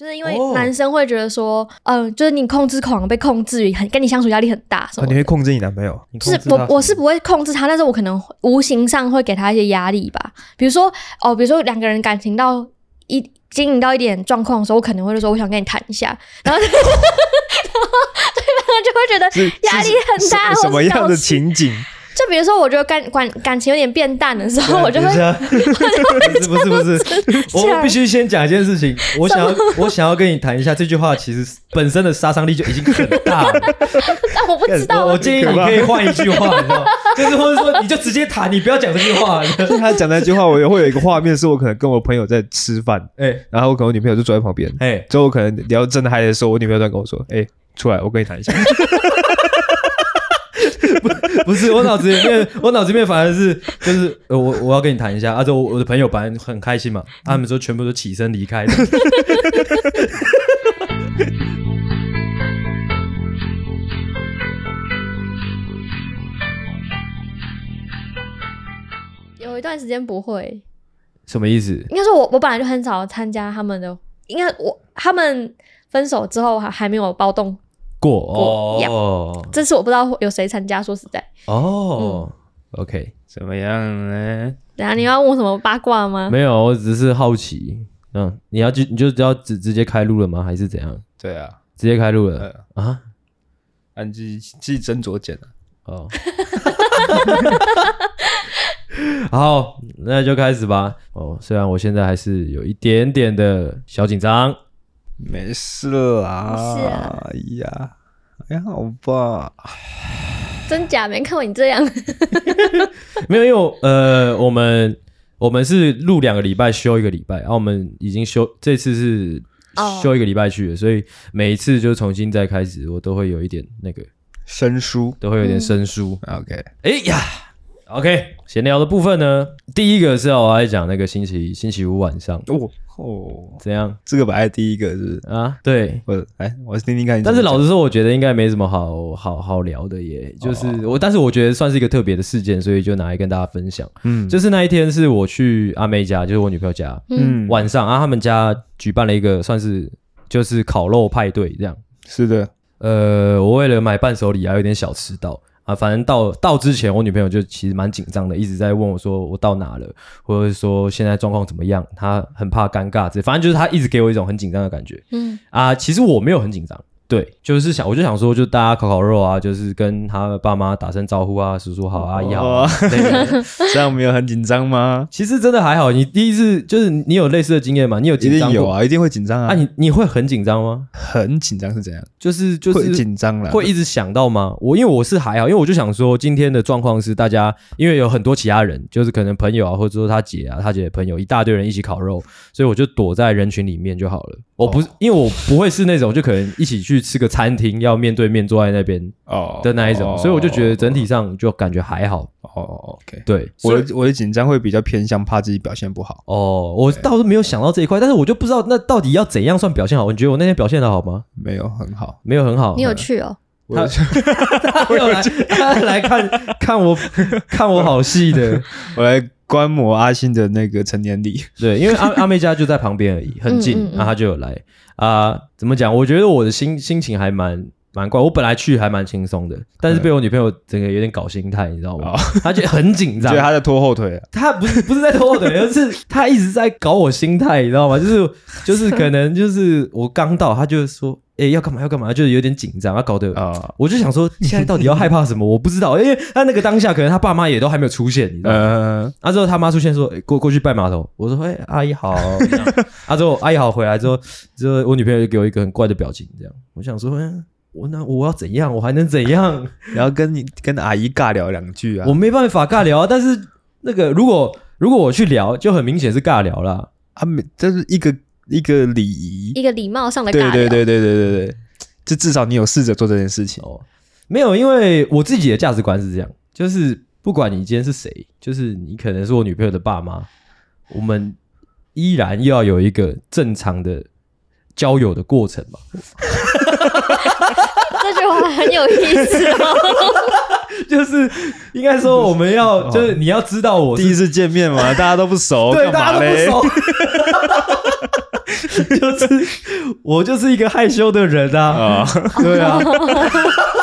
就是因為男生會覺得說，嗯、oh. 呃，就是你控制狂，被控制很，跟你相處壓力很大，什麼、啊？你會控制你男朋友？就是，我我是不會控制他，但是我可能無形上會給他一些壓力吧。比如說，哦，比如說兩個人感情到一經營到一點狀況的時候，我可能會說我想跟你談一下，然後，oh. 然後對方就會覺得壓力很大是是是是。什麼樣的情景？就比如說，我覺得感感感情有點變淡的時候，我就會，我就會不是不是， 不是，我必須先講一件事情。我想要我想要跟你談一下，這句話其實本身的殺傷力就已經很大了。 但我不知道我，我建議你可以換一句話，你知道，就是 或者說你就直接談，你不要講這句話。 他講那句話，我也會有一個畫面，是我可能跟我朋友在吃飯，哎、欸，然後我跟我女朋友就坐在旁邊，哎、欸，之後我可能聊真的嗨的時候，我女朋友在跟我說，哎、欸，出來，我跟你談一下。 不不是我腦子，因為我腦子裡面反而是就是我我要跟你談一下，而且我我的朋友本來很開心嘛，啊、他們說全部都起身離開的。 有一段時間不會，什麼意思？應該說，我我本來就很少參加他們的，應該我他們分手之後還還沒有暴動。過，過哦、yeah. 這次我不知道有誰參加，說實在哦、嗯。OK，怎麼樣呢？等下你要問我什麼八卦嗎、嗯？沒有，我只是好奇。嗯，你要去，你就只要直直接開錄了嗎？還是怎樣？對啊，直接開錄了啊，啊？按自自斟酌剪了、啊、哦， 好，那就開始吧。哦，雖然我現在還是有一點點的小緊張。沒事啦、啊啊，哎呀，哎，好吧、啊，真假沒看過你這樣， 沒有，因為我呃，我們我們是錄兩個禮拜，休一個禮拜，然、啊、後我們已經休，這次是休一個禮拜去的，Oh. 所以每一次就重新再開始，我都會有一點那個生疏，都會有一點生疏，嗯。OK，哎呀。OK，閒聊的部分呢，第一個是要、哦、我來講那個星期星期五晚上哦哦，怎樣？這個本來第一個是，是啊，對，我哎，我是聽聽看。但是老實說，我覺得應該沒什麼好好好聊的耶，就是、哦、我，但是我覺得算是一個特別的事件，所以就拿來跟大家分享。嗯，就是那一天是我去阿妹家，就是我女朋友家，嗯，晚上啊，他們家舉辦了一個算是就是烤肉派對這樣。是的，呃，我為了買伴手禮、啊，還有點小遲到。啊，反正到到之前，我女朋友就其實蠻緊張的，一直在問我，說我到哪了，或者說現在狀況怎麼樣，她很怕尷尬之類，反正就是她一直給我一種很緊張的感覺。嗯，啊，其實我沒有很緊張。對，就是想，我就想說，就大家烤烤肉啊，就是跟他爸媽打聲招呼啊，叔叔好、啊，阿、哦、姨好啊、哦。這樣沒有很緊張嗎？其實真的還好。你第一次就是你有類似的經驗嗎？你有緊張？有啊，一定會緊張啊。那、啊、你你會很緊張嗎？很緊張是怎樣？就是就是會緊張了，會一直想到嗎？我因為我是還好，因為我就想說，今天的狀況是大家因為有很多其他人，就是可能朋友啊，或者說他姐啊，他姐的朋友一大堆人一起烤肉，所以我就躲在人群裡面就好了。我不是、哦、因為我不會是那種就可能一起去。吃個餐廳要面對面坐在那邊的那一種，oh, 所以我就覺得整體上就感覺還好。哦、oh, okay. 對，我我的緊張會比較偏向怕自己表現不好。哦、oh, 我倒是沒有想到這一塊，但是我就不知道那到底要怎樣算表現好。你覺得我那天表現的好嗎？沒有很好，沒有很好。你有去哦？他我 他有來，他來看，看看我，看我好戲的， 我來。觀摩阿星的那個成年禮，對，因為阿阿妹家就在旁邊而已， 很近，然後他就有來啊。嗯嗯嗯 uh, 怎麼講？我覺得我的心心情還蠻蠻怪。我本來去還蠻輕鬆的，但是被我女朋友整個有點搞心態，嗯，你知道嗎？哦、他就很緊張， 對、他在拖後腿、啊。他不是不是在拖後腿， 而是他一直在搞我心態，你知道嗎？就是就是可能就是我剛到，他就說。哎、欸，要幹嘛？要幹嘛？就是有點緊張，啊，搞得啊，oh. 我就想說，現在到底要害怕什麼？ 我不知道，因為他那個當下，可能他爸媽也都還沒有出現，你知道嗎？Uh. 啊，之後他媽出現說，過、欸、過去拜碼頭，我說，哎、欸，阿姨好。 啊，之後阿姨好回來之後，之後我女朋友就給我一個很怪的表情，這樣，我想說，欸、我那我要怎樣？我還能怎樣？ 然後跟你跟阿姨尬聊兩句啊，我沒辦法尬聊，但是那個如果如果我去聊，就很明顯是尬聊啦。啊，沒，這是一個。一個禮儀，一個禮貌上的。對對對對對對對，就至少你有試着做這件事情哦。Oh, 沒有，因為我自己的價值觀是這樣，就是不管你今天是誰，就是你可能是我女朋友的爸媽，我們依然要有一個正常的交友的過程嘛。這句話很有意思哦，就是應該說我們要， 就是你要知道我第一次見面嘛，大家都不熟，對 嘛勒，大家不 就是我就是一個害羞的人啊，啊對啊，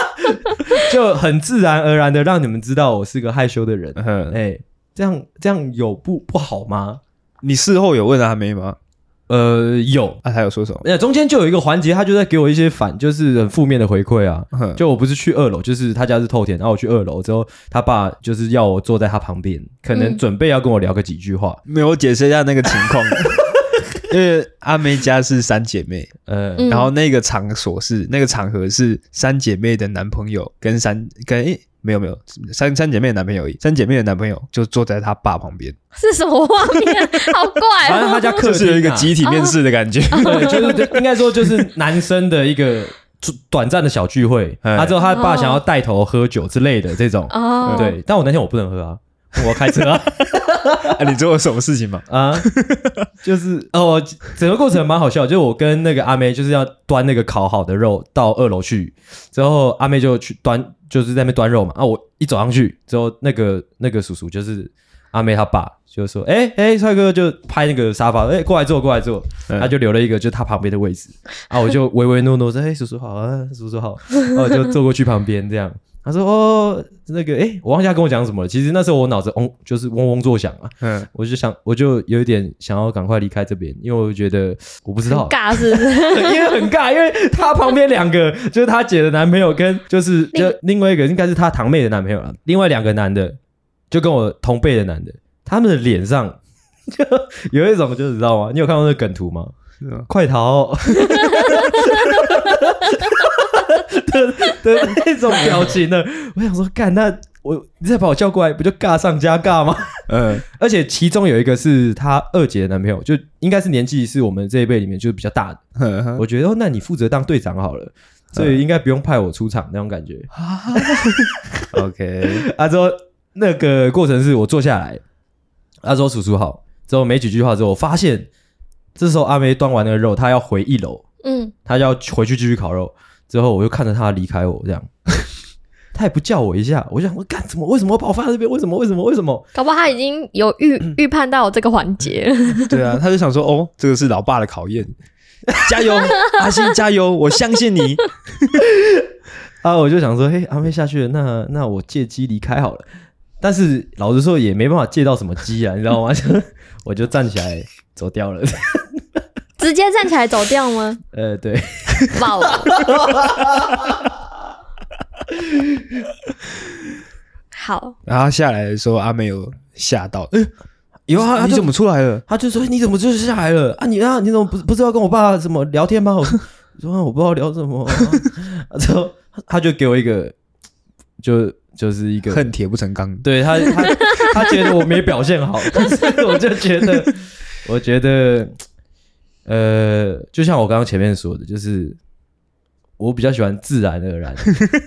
就很自然而然的讓你們知道我是個害羞的人。哎、嗯欸，這樣這樣有不不好嗎？你事後有問他還沒嗎？呃，有、啊、他有說什麼？中間就有一個環節，他就在給我一些反，就是很負面的回饋啊、嗯。就我不是去二樓，就是他家是透天，然後我去二樓之後，他爸就是要我坐在他旁邊，可能準備要跟我聊個幾句話。嗯、沒有，解釋一下那個情況。 因為阿妹家是三姐妹，呃、嗯，然後那個場所是那個場合是三姐妹的男朋友跟三跟誒、欸，沒有沒有三三姐妹的男朋友而已，三姐妹的男朋友就坐在他爸旁邊，是什麼畫面？ 好怪、喔！反正他家客廳、啊就是、有一個集體面試的感覺，oh. Oh. Oh. 對，就是應該說就是男生的一個短暫的小聚會。他 之後他爸想要帶頭喝酒之類的這種，oh. Oh. 對，但我那天我不能喝啊。我開車、啊，哈、 啊，你做過什麼事情嗎？啊，就是哦，整個過程蠻好笑的，就我跟那個阿妹就是要端那個烤好的肉到二樓去，之後阿妹就去端，就是在那邊端肉嘛。啊，我一走上去之後，那個那個叔叔就是阿妹她爸，就說：“哎、欸、哎，帥、欸、哥，就拍那個沙發，哎、欸，過來坐，過來坐。嗯”他、啊、就留了一個就是他旁邊的位置，啊，我就唯唯諾諾說：“哎、欸，叔叔好啊，叔叔好。啊”然後就坐過去旁邊這樣。他說：“哦，那個，哎、欸，我忘記他跟我講什麼了。其實那時候我腦子嗡，就是嗡嗡作響啊、嗯。我就想，我就有一點想要趕快離開這邊，因為我覺得我不知道，尬是，是， 因為很尬，因為他旁邊兩個 就是他姐的男朋友跟就是就另外一個應該是他堂妹的男朋友了，另外兩個男的就跟我同輩的男的，他們的臉上就有一種，就是你知道嗎？你有看到那個梗圖嗎？是嗎快逃、哦！” 的的那種表情呢？我想說，幹那我你再把我叫過來，不就尬上加尬嗎？嗯，而且其中有一個是他二姐的男朋友，就應該是年紀是我們這一輩裡面就是比較大的。嗯、我覺得哦，那你負責當隊長好了，嗯、所以應該不用派我出場那種感覺哈 okay, 啊之後。OK，他說那個過程是我坐下來，他、啊、說叔叔好，之後沒幾句話之後，我發現這時候阿妹端完那個肉，他要回一樓，嗯，他要回去繼續烤肉。之後，我就看着他離開我，這樣， 他也不叫我一下，我就想，我幹什麼？為什麼把我放在這邊？為什麼？為什麼？為什麼？搞不好他已經有預預、嗯、判到我這個環節。 對啊，他就想說，哦，這個是老爸的考驗，加油， 阿星，加油，我相信你。 啊，我就想說，嘿，阿妹下去了，那那我借機離開好了。但是老實說，也沒辦法借到什麼機啊，你知道嗎？ 我就站起來走掉了。 直接站起來走掉嗎？呃，對，爆了。 好，然後下來的時候，阿、啊、妹有嚇到，哎、欸，以後他，、啊、他就你怎麼出來了？他就說：“你怎麼就下來了？啊，你啊，你怎麼不不知道跟我爸怎麼聊天嗎？” 我說：“我不知道聊什麼、啊。 ”然後他就給我一個，就就是一個恨鐵不成鋼，對他，他他覺得我沒表現好， 但是我就覺得， 我覺得。呃，就像我剛剛前面說的，就是我比較喜歡自然而然，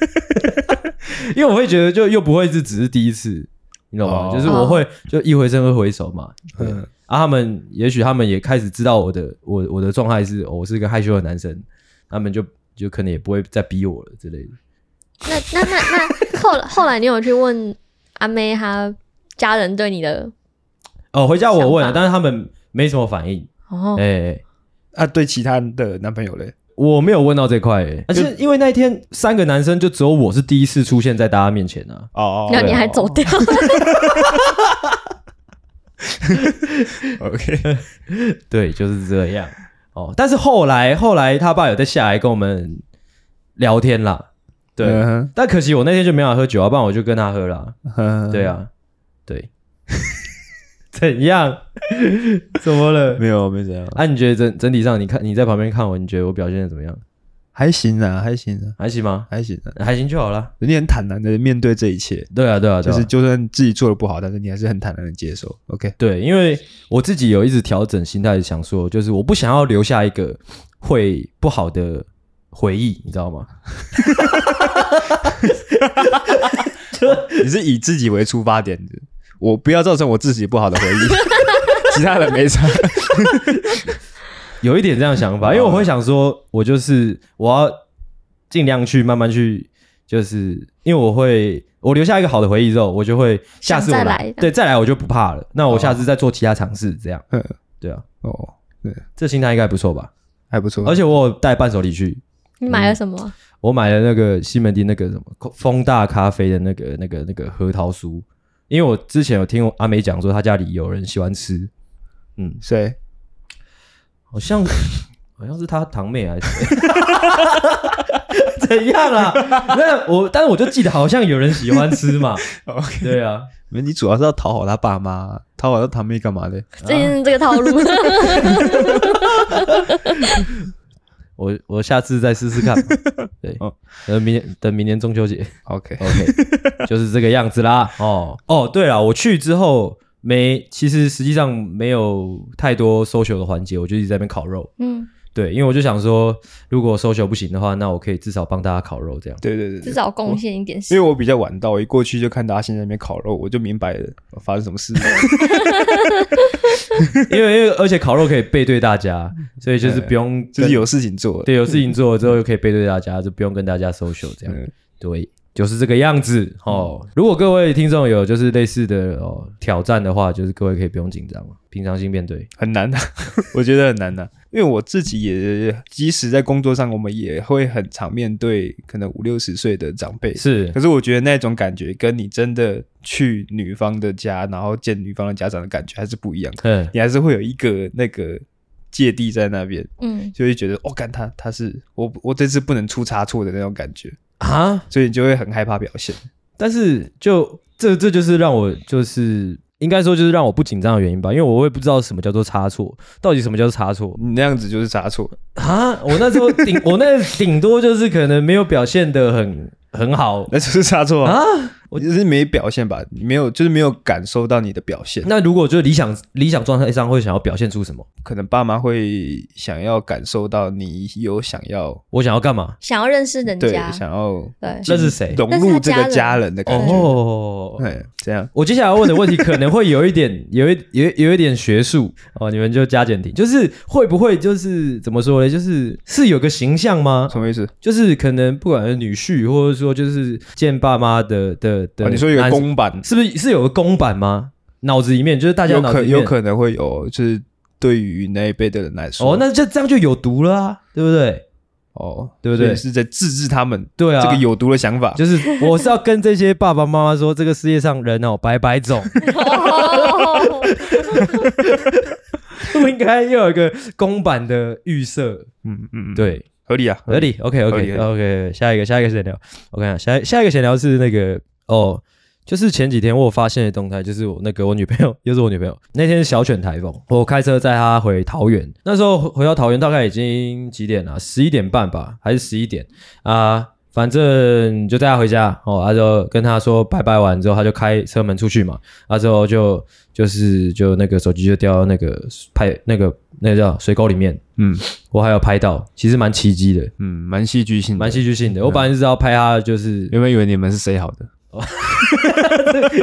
因為我會覺得就又不會是只是第一次，你懂嗎？Oh. 就是我會就一回生二回熟嘛。Oh. 嗯，啊，他們也許他們也開始知道我的我我的狀態是、哦，我是一個害羞的男生，他們就就可能也不會再逼我了之類的。那那那那 後來後來你有去問阿妹她家人對你的想法？哦，回家我問了，但是他們沒什麼反應。哦、oh. 欸，哎。啊，對其他的男朋友嘞，我沒有問到這塊，欸，而是，啊、因為那一天三個男生就只有我是第一次出現在大家面前啊。哦哦，哦，那你還走掉了。哦哦哦， OK，對，就是這樣。哦，但是後來後來他爸有在下來跟我們聊天啦。對，嗯，但可惜我那天就沒有喝酒啊，不然我就跟他喝了，嗯。對啊，對。 怎樣？怎麼了？沒有，沒怎樣。啊，你覺得整整體上，你看你在旁邊看我，你覺得我表現的怎麼樣？還行啊，還行啊，還行嗎？還行啊，還行就好啦。人家很坦然的面對這一切。對啊，對啊，對啊，對啊，就是就算自己做的不好，但是你還是很坦然的接受。OK？對，因為我自己有一直調整心態，想說就是我不想要留下一個會不好的回憶，你知道嗎？ 你是以自己為出發點的。我不要造成我自己不好的回憶 其他人的沒差 。 有一點這樣想法，因為我會想說，我就是我要儘量去慢慢去，就是因為我會我留下一個好的回憶之後，我就會下次再來，對，再來我就不怕了。那我下次再做其他嘗試，這樣。對啊，哦，哦對，這心態應該不錯吧？還不錯。而且我有帶伴手禮去，你買了什麼？啊嗯？我買了那個西門町那個什麼蜂大咖啡的那個那個那個核桃酥。因為我之前有聽阿妹講說，他家裡有人喜歡吃，嗯，誰？好像好像是他堂妹還是誰？ 怎樣啊？那 我但是我就記得好像有人喜歡吃嘛。Okay. 對啊，沒，你主要是要討好他爸媽，討好他堂妹幹嘛呢？這是這個套路。啊 我我下次再試試看，對， 哦、等明年等明年中秋節 ，OK OK， 就是這個樣子啦。哦 哦，對了，我去之後沒，其實實際上沒有太多搜 l 的環節，我就一直在那邊烤肉，嗯。對，因為我就想說，如果 social 不行的話，那我可以至少幫大家烤肉這樣。對對對，至少貢獻一點，哦。因為我比較晚到，我一過去就看大家現在在那邊烤肉，我就明白了發生什麼事 因。因為因為而且烤肉可以背對大家，所以就是不用就是有事情做了，對，有事情做了之後又、嗯、可以背對大家，就不用跟大家 social 這樣。嗯、對，就是這個樣子哦。如果各位聽眾有就是類似的、哦、挑戰的話，就是各位可以不用緊張嘛，平常心面對。很難的，我覺得很難的。因為我自己也，即使在工作上，我們也會很常面對可能五六十歲的長輩。是，可是我覺得那種感覺跟你真的去女方的家，然後見女方的家長的感覺還是不一樣。嗯，你還是會有一個那個芥蒂在那邊。嗯，就會覺得哦，幹，他他是我我這次不能出差錯的那種感覺啊，所以你就會很害怕表現。但是就這這就是讓我就是。應該說就是讓我不緊張的原因吧，因為我也不知道什麼叫做差錯，到底什麼叫做差錯？你那樣子就是差錯啊！我那時候頂， 我那頂多就是可能沒有表現得很。很好，那是差錯啊！我就是沒表現吧，沒有，就是沒有感受到你的表現。那如果就是理想理想狀態上，會想要表現出什麼？可能爸媽會想要感受到你有想要，我想要幹嘛？想要認識人家，對，想要對那是誰？融入這個,這個家人的感覺。哦、嗯，這樣。我接下來要問的問題可能會有一點， 有一有一有,有一點學術哦。你們就加減聽，就是會不會就是怎麼說呢？就是是有個形象嗎？什麼意思？就是可能不管是女婿或者。說就是見爸媽的的的、哦，你說有個公版是，是不是是有個公版嗎？腦子裡面就是大家有可有可能會有，就是對於那一輩的人來說，哦，那這這樣就有毒了啊，對不對？哦，對不對？是在制止他們，對啊，這個有毒的想法，就是我是要跟這些爸爸媽媽說， 這個世界上人哦百百種，不 應該又有一個公版的預設，嗯嗯嗯，對。合理啊，合理。OK，OK，OK。OK, OK, OK, 下一個，下一個閒聊。OK，下下一個閒聊是那個哦，就是前幾天我有發現的動態，就是我那個我女朋友，又是我女朋友。那天是小犬颱風，我開車載她回桃園。那時候回到桃園，大概已經幾點了？十一點半吧，還是十一點啊？反正就帶他回家，哦，他、啊、就跟他說拜拜完之後，他就開車門出去嘛，他、啊、之後就就是就那個手機就掉到那個拍那個那個叫水溝裡面，嗯，我還有拍到，其實蠻奇蹟的，嗯，蠻戲劇性，蠻戲劇性的，性的、嗯。我本來是要拍他，就是因為以為你們是誰好的？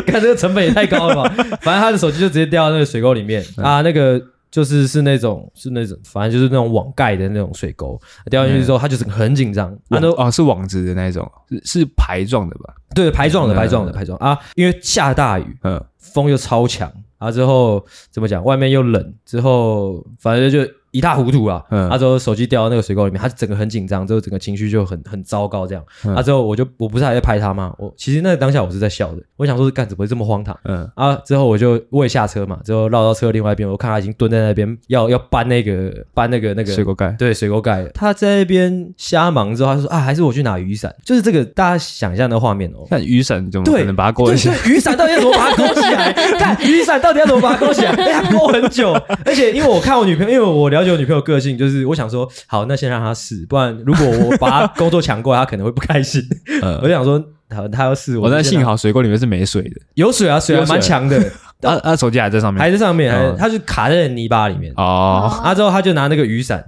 看、哦、 這個成本也太高了吧，反正他的手機就直接掉到那個水溝裡面、嗯、啊，那個。就是是那種是那種，反正就是那種網蓋的那種水溝，掉進去之後它就是很緊張、嗯。啊，都啊是網子的那種，是是排狀的吧？對，排狀的，嗯、排狀的，嗯、排狀、嗯、啊！因為下大雨，嗯，風又超強，啊，之後怎麼講？外面又冷，之後反正就。一塌糊塗啊。嗯，他、啊、之後手機掉到那個水溝裡面，他整個很緊張，之後整個情緒就很很糟糕這樣。嗯、啊，之後我就我不是還在拍他嗎？我其實那個當下我是在笑的，我想說是幹，怎麼會這麼荒唐，嗯，啊，之後我就我也下車嘛，之後繞到車另外一邊，我看他已經蹲在那邊要要搬那個搬那個那個水溝蓋，對，水溝蓋，他在那邊瞎忙之後，他說啊，還是我去拿雨傘，就是這個大家想象的畫面哦，看雨傘怎麼對，可能把它勾起來，對對對雨傘到底要怎麼把它勾起來？看 雨傘到底要怎麼把它勾起來？哎、欸，他勾很久，而且因為我看我女朋友，因為我了解，有女朋友個性，就是我想說，好，那先讓他試，不然如果我把他工作搶過來， 他可能會不開心。嗯、 我就想說，好，他要試、嗯，我在幸好水溝裡面是沒水的，有水啊，水啊，蠻強、啊、的。他、啊、他、啊、手機還在上面，還在上面，還、啊、是卡在泥巴裡面哦。啊，之後他就拿那個雨傘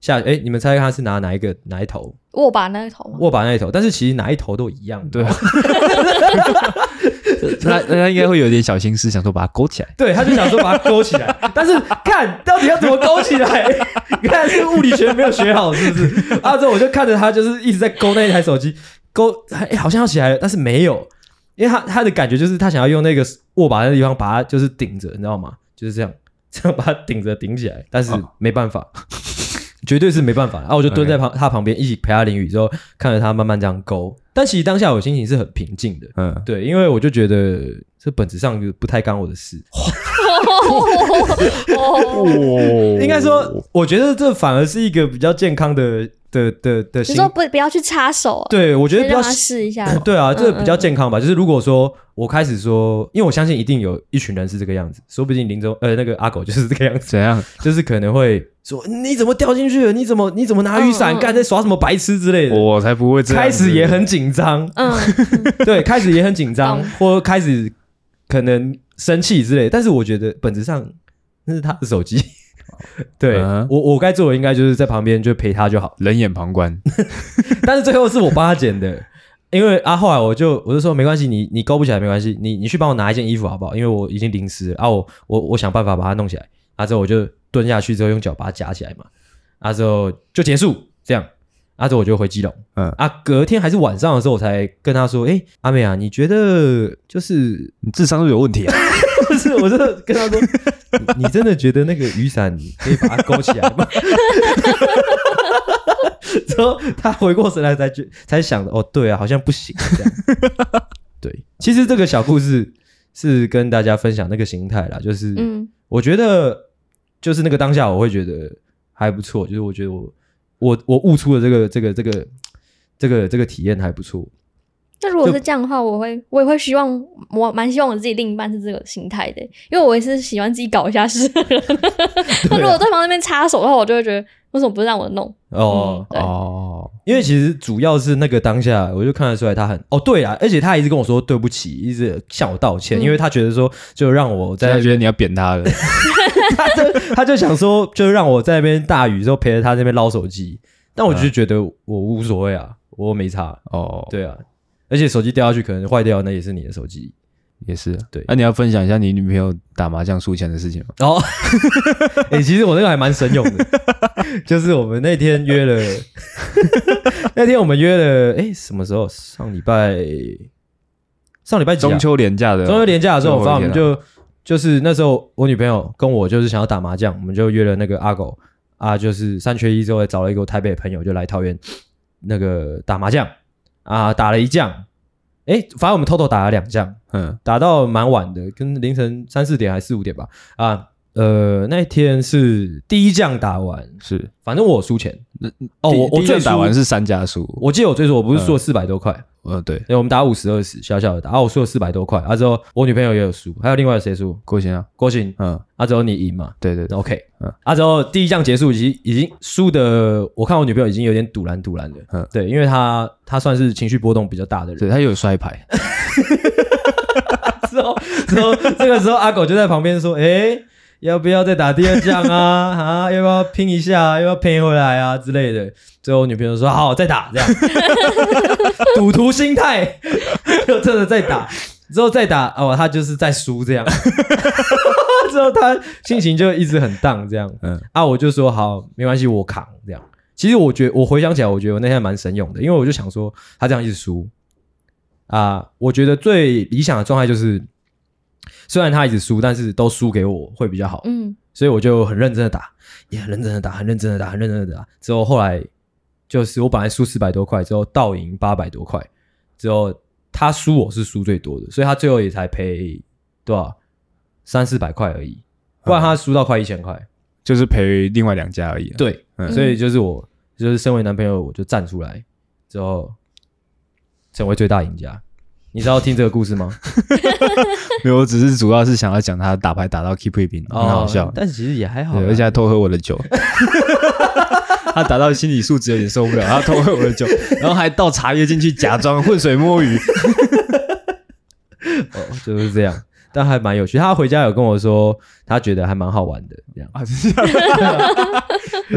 下，哎、欸，你們猜一猜看是拿哪一個哪一頭？握把那一頭嗎，握把那一頭。但是其實哪一頭都一樣，對。 他他應該會有點小心思，想說把它勾起來。 對，他就想說把它勾起來， 但是看到底要怎麼勾起來？ 原來看這個物理學沒有學好，是不是？ 啊，之後我就看着他，就是一直在勾那一台手機，勾、欸、好像要起來了，但是沒有，因為他他的感覺就是他想要用那個握把那地方把它就是頂着，你知道嗎？就是這樣，這樣把它頂着頂起來，但是沒辦法。哦絕對是沒辦法啊！我就蹲在旁、okay. 他旁邊，一起陪他淋雨，之後看着他慢慢這樣勾。但其實當下我心情是很平靜的，嗯，對，因為我就覺得這本質上就不太干我的事。哦 哦、 應該說，我覺得這反而是一個比較健康的。對對對，你、就是、說不不要去插手，對，我覺得不要試一下、哦，對啊，這個比較健康吧。嗯、就是如果說、嗯、我開始說，因為我相信一定有一群人是這個樣子，說不定林中呃那個阿狗就是這個樣子，怎樣？就是可能會說你怎麼掉進去了？你怎麼你怎麼拿雨傘？幹、嗯、在耍什麼白痴之類的？我、哦、才不會。這樣。開始也很緊張，嗯， 對，開始也很緊張、嗯，或開始可能生氣之類的。但是我覺得本質上那是他的手機。對，我我該做，我，我該做的應該就是在旁邊就陪他就好，冷眼旁觀。 但是最後是我幫他撿的， 因為阿、啊、壞，後來我就我就說沒關係，你你勾不起來沒關係，你你去幫我拿一件衣服好不好？因為我已經淋濕啊，我我我想辦法把它弄起來。啊之後我就蹲下去之後用腳把它夾起來嘛。啊之後就結束這樣。啊之後我就回基隆。嗯，啊，隔天還是晚上的時候，我才跟他說，哎、欸，阿妹啊，你覺得就是你智商是，不是有問題啊？ 是， 我真的跟他說你：“你真的覺得那個雨傘可以把它勾起來嗎？”之 後他回過神來，才覺才想：“哦，對啊，好像不行啊，這樣。”對，其實這個小故事是跟大家分享那個形態啦，就是我覺得，就是那個當下，我會覺得還不錯，就是我覺得我我我悟出的這個這個這個這個這個體驗還不錯。那如果是這樣的話，我會我也會希望我蠻希望我自己另一半是這個心態的，因為我也是喜歡自己搞一下事。 對啦笑那如果對方在那邊插手的話，我就會覺得為什麼不讓我弄？哦、嗯、哦，因為其實主要是那個當下，嗯、我就看得出來他很哦對啊，而且他一直跟我說對不起，一直向我道歉，嗯、因為他覺得說就讓我在，他覺得你要扁他了， 他就他就想說就讓我在那邊大雨之後陪着他那邊撈手機，但我就覺得我無所謂啊，我沒差哦，對啊。而且手機掉下去可能壞掉，那也是你的手機，也是、啊。對、啊，那你要分享一下你女朋友打麻將輸錢的事情嗎？哦，誒，其實我那個還蠻神勇的， 就是我們那天約了， 那天我們約了，哎，什麼時候？上禮拜，上禮拜幾、啊？中秋連假的。啊、中秋連假的時候，我發現我們就就是那時候我女朋友跟我就是想要打麻將，我們就約了那個阿狗、啊，阿就是三缺一之後，找了一個台北朋友，就來桃園那個打麻將。啊、呃，打了一將，哎，反正我們偷偷打了兩將，嗯，打到蠻晚的，跟凌晨三四點還是四五點吧，啊、呃。呃，那天是第一仗打完是，反正我輸錢。那、嗯、哦，我我最打完是三家輸，我記得我最初我不是輸了四百多塊。呃、嗯嗯，對，因、欸、為我們打五十二十小小的打，啊，我輸了四百多塊。啊之後，我女朋友也有輸，還有另外誰輸？郭行啊，郭行，嗯，啊之後你贏嘛？對對，對，OK，嗯，啊之後第一仗結束已，已經已經輸的，我看我女朋友已經有點賭藍賭藍的，嗯，對，因為她她算是情緒波動比較大的人，對，她有摔牌， 之後之後這個時候阿狗就在旁邊說，誒、欸。要不要再打第二仗啊？ 啊，要不要拼一下？要不要拼回來啊？之類的。最後，我女朋友說：“ 好，再打。”這樣賭 徒心態， 就真的再打。之後再打哦，他就是在輸這樣。 之後他心情就一直很蕩這樣。嗯啊，我就說好，沒關係，我扛這樣。其實我覺得，我回想起來，我覺得我那天蠻神勇的，因為我就想說，他這樣一直輸啊，呃，我覺得最理想的狀態就是。雖然他一直輸，但是都輸給我會比較好。嗯，所以我就很認真的打，也、yeah, 很認真的打，很認真的打，很認真的打。之後後來就是我本來輸四百多塊，之後倒贏八百多塊。之後他輸我是輸最多的，所以他最後也才賠多少？三四百塊而已，不然他輸到快一千塊，就是賠另外兩家而已、啊。對、嗯，所以就是我就是身為男朋友，我就站出來之後成為最大贏家。你知道聽這個故事嗎？ 沒有，我只是主要是想要講他打牌打到 keep w e e p i n g，哦，很好笑，但其實也還好啊。而且還偷喝我的酒， 他打到心理素質有點受不了，他偷喝我的酒， 然後還倒茶葉進去假裝渾水摸魚。 哦，就是這樣，但還蠻有趣。他回家有跟我說，他覺得還蠻好玩的。這樣啊？是，這樣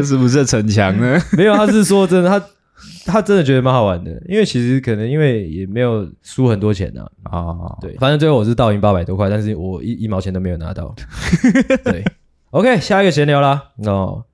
這是不是逞強呢？嗯。沒有，他是說真的，他。他真的覺得蠻好玩的，因為其實可能因為也沒有輸很多錢吶啊、哦，對，反正最後我是倒贏八百多塊，但是我一一毛錢都沒有拿到。 對，OK，下一個閒聊啦，哦，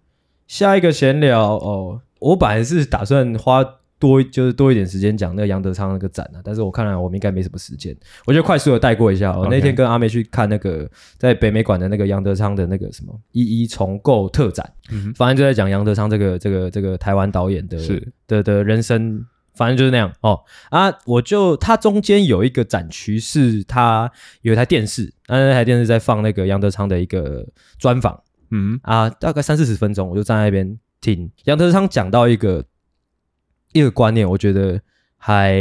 下一個閒聊哦，我本來是打算花。多就是多一點時間講那個楊德昌那個展呢、啊，但是我看來我們應該沒什麼時間，我覺得快速的帶過一下。我、okay. 那天跟阿妹去看那個在北美館的那個楊德昌的那個什麼一一重構特展，mm -hmm. 反正就在講楊德昌這個這個這個台灣導演的是的的人生，反正就是那樣哦啊，我就他中間有一個展區是他有一台電視、啊，那台電視在放那個楊德昌的一個專訪，嗯、mm -hmm. 啊，大概三四十分鐘，我就站在那邊聽楊德昌講到一個。一個觀念，我覺得還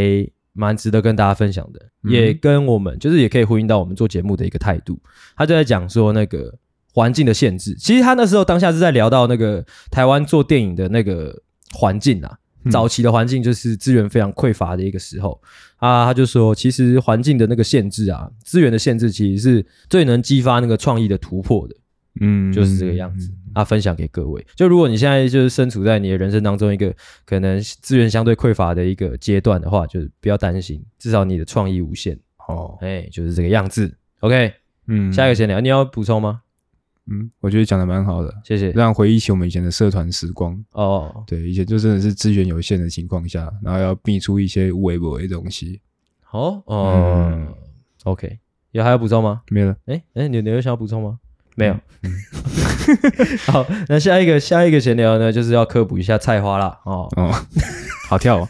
蠻值得跟大家分享的，也跟我們就是也可以呼應到我們做節目的一個態度。他就在講說那個環境的限制，其實他那時候當下是在聊到那個台灣做電影的那個環境啊，早期的環境就是資源非常匱乏的一個時候啊，他就說其實環境的那個限制啊，資源的限制其實是最能激發那個創意的突破的，嗯，就是這個樣子。啊，分享給各位，就如果你現在就是身處在你的人生當中一個可能資源相對匱乏的一個階段的話，就是不要擔心，至少你的創意無限。哦，哎，就是這個樣子。OK，嗯，下一個先聊，你要補充嗎？嗯，我覺得講得蠻好的，謝謝。讓回憶起我們以前的社團時光。哦，對，以前就真的是資源有限的情況下，然後要避出一些微薄的東西。哦，哦，嗯，OK，有還要補充嗎？沒了。哎，哎，你，你有想要補充嗎？沒有，嗯、 好，那下一個下一個閒聊呢，就是要科普一下菜花了哦。哦，好跳，哦。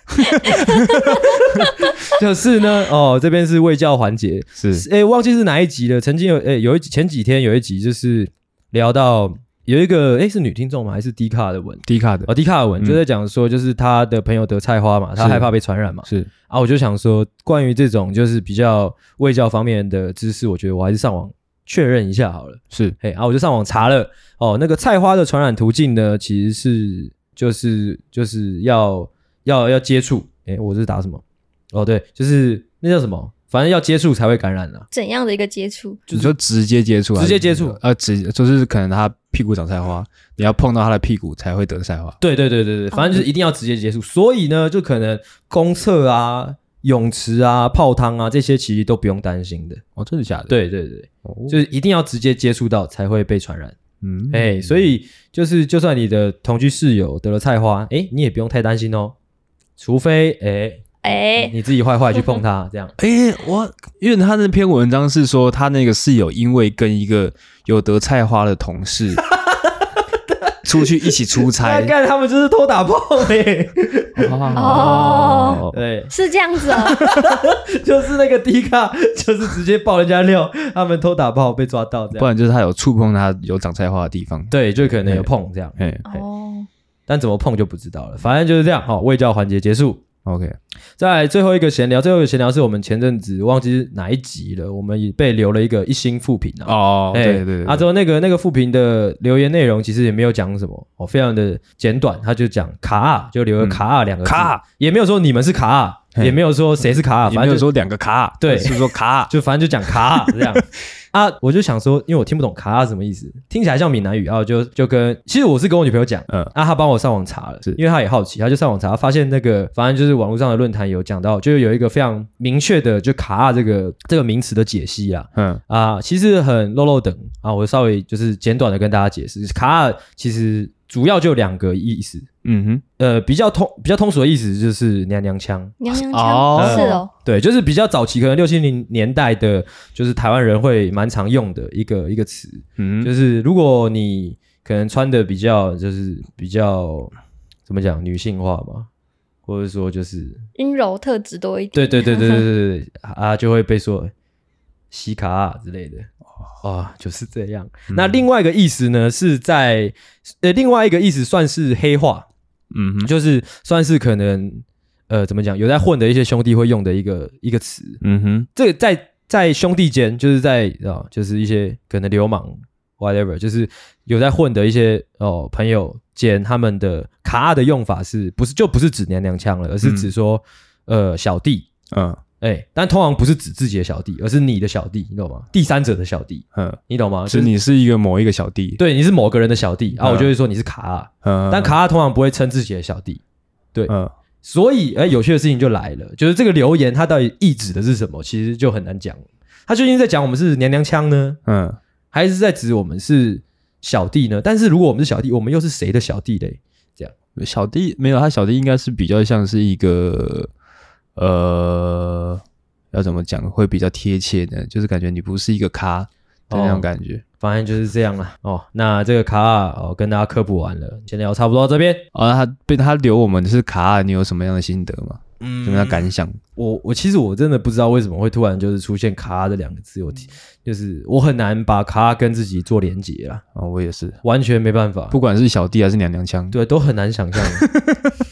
就是呢，哦，這邊是衛教環節，是誒，忘記是哪一集了。曾經有誒，有一前幾天有一集就是聊到有一個誒是女聽眾嗎，還是 D 卡的文，D 卡的哦，D 卡的文、嗯、就在講說，就是他的朋友得菜花嘛，他害怕被傳染嘛，是，是啊，我就想說，關於這種就是比較衛教方面的知識，我覺得我還是上網確認一下好了，是，哎，然、啊、後我就上網查了，哦，那個菜花的傳染途徑呢，其實是就是就是要要要接觸，哎、欸，我這是打什麼？哦，對，就是那叫什麼？反正要接觸才會感染的、啊。怎樣的一個接觸？就說直接接觸是直接接觸，直接接觸，啊，直就是可能他屁股長菜花，你要碰到他的屁股才會得菜花。對對對對對，反正就是一定要直接接觸。Okay. 所以呢，就可能公廁啊。泳池啊、泡湯啊，這些其實都不用擔心的哦，真的假的？對對對，oh. 就是一定要直接接觸到才會被傳染。嗯，哎，所以就是，就算你的同居室友得了菜花，哎、欸，你也不用太擔心哦，除非哎哎、欸欸欸、你自己壞壞去碰它 這樣。哎、欸，我因為他那篇文章是說他那個室友因為跟一個有得菜花的同事。 出去一起出差，看 他，他們就是偷打炮誒！哦，對，是這樣子啊 ，就是那個 D 卡，就是直接爆人家料，他們偷打炮被抓到，不然就是他有觸碰他有長菜花的地方，對，就可能有碰這樣，哎，哦，但怎麼碰就不知道了，反正就是這樣，好，衛教環節結束。OK，再來最後一個閒聊，最後一個閒聊是我們前陣子忘記是哪一集了，我們也被留了一個一星負評啊。哦、oh，對對，對，對，啊、之後那個那個負評的留言內容其實也沒有講什麼，哦，非常的簡短，他就講咖啊，就留了咖啊兩個字，嗯，卡，也沒有說你們是咖啊。也沒有說誰是咖啊、嗯，反正就說兩個咖啊，對，是，是說咖啊，就反正就講咖啊這樣 啊，我就想說，因為我聽不懂咖啊什麼意思， 聽起來像閩南語，然、啊、後就就跟，其實我是跟我女朋友講，嗯，啊，她幫我上網查了，是因為她也好奇，她就上網查，發現那個反正就是網絡上的論壇有講到，就是有一個非常明確的，就咖啊這個這個名詞的解析啊，嗯啊，其實很 low low 等啊，我稍微就是簡短的跟大家解釋，咖啊其實主要就兩個意思。嗯哼，呃，比較通比較通俗的意思就是娘娘腔，娘娘腔哦、啊、是喔，對，就是比較早期，可能六七零年代的，就是台灣人會蠻常用的一個一個詞，嗯，就是如果你可能穿的比較就是比較怎麼講女性化嘛，或者說就是陰柔特質多一點，對對對對對對對 啊，就會被說西卡啊之類的，哦、啊，就是這樣、嗯。那另外一個意思呢，是在呃、欸、另外一個意思算是黑化。嗯、mm -hmm.，就是算是可能，呃，怎麼講，有在混的一些兄弟會用的一個一個詞。嗯哼，這在在兄弟間，就是在啊、哦，就是一些可能流氓 whatever，就是有在混的一些哦朋友間，他們的卡的用法是不是就不是指娘娘腔了，而是指說、mm -hmm. 呃小弟，嗯、uh.。哎、欸，但通常不是指自己的小弟，而是你的小弟，你懂嗎？第三者的小弟，嗯，你懂嗎？就是，是你是一個某一個小弟，對，你是某個人的小弟、嗯、啊。我就會說你是咖啊，嗯，但咖啊通常不會稱自己的小弟，對，嗯。所以，哎、欸，有趣的事情就來了，就是這個留言他到底意指的是什麼？其實就很難講。他究竟在講我們是娘娘腔呢，嗯，還是在指我們是小弟呢？但是，如果我們是小弟，我們又是誰的小弟嘞？這樣小弟沒有，他小弟應該是比較像是一個。呃，要怎麼講會比較貼切呢？就是感覺你不是一個咖的那種感覺、哦，反正就是這樣了。哦，那這個咖，哦，跟大家科普完了，先聊差不多到這邊。啊、哦，他被他留我們是咖，你有什麼樣的心得嗎？嗯，有什麼樣感想？我我其實我真的不知道為什麼會突然就是出現咖這兩個字，我就是我很難把咖跟自己做連結啦，我也是完全沒辦法，不管是小弟還是娘娘腔，對，都很難想象。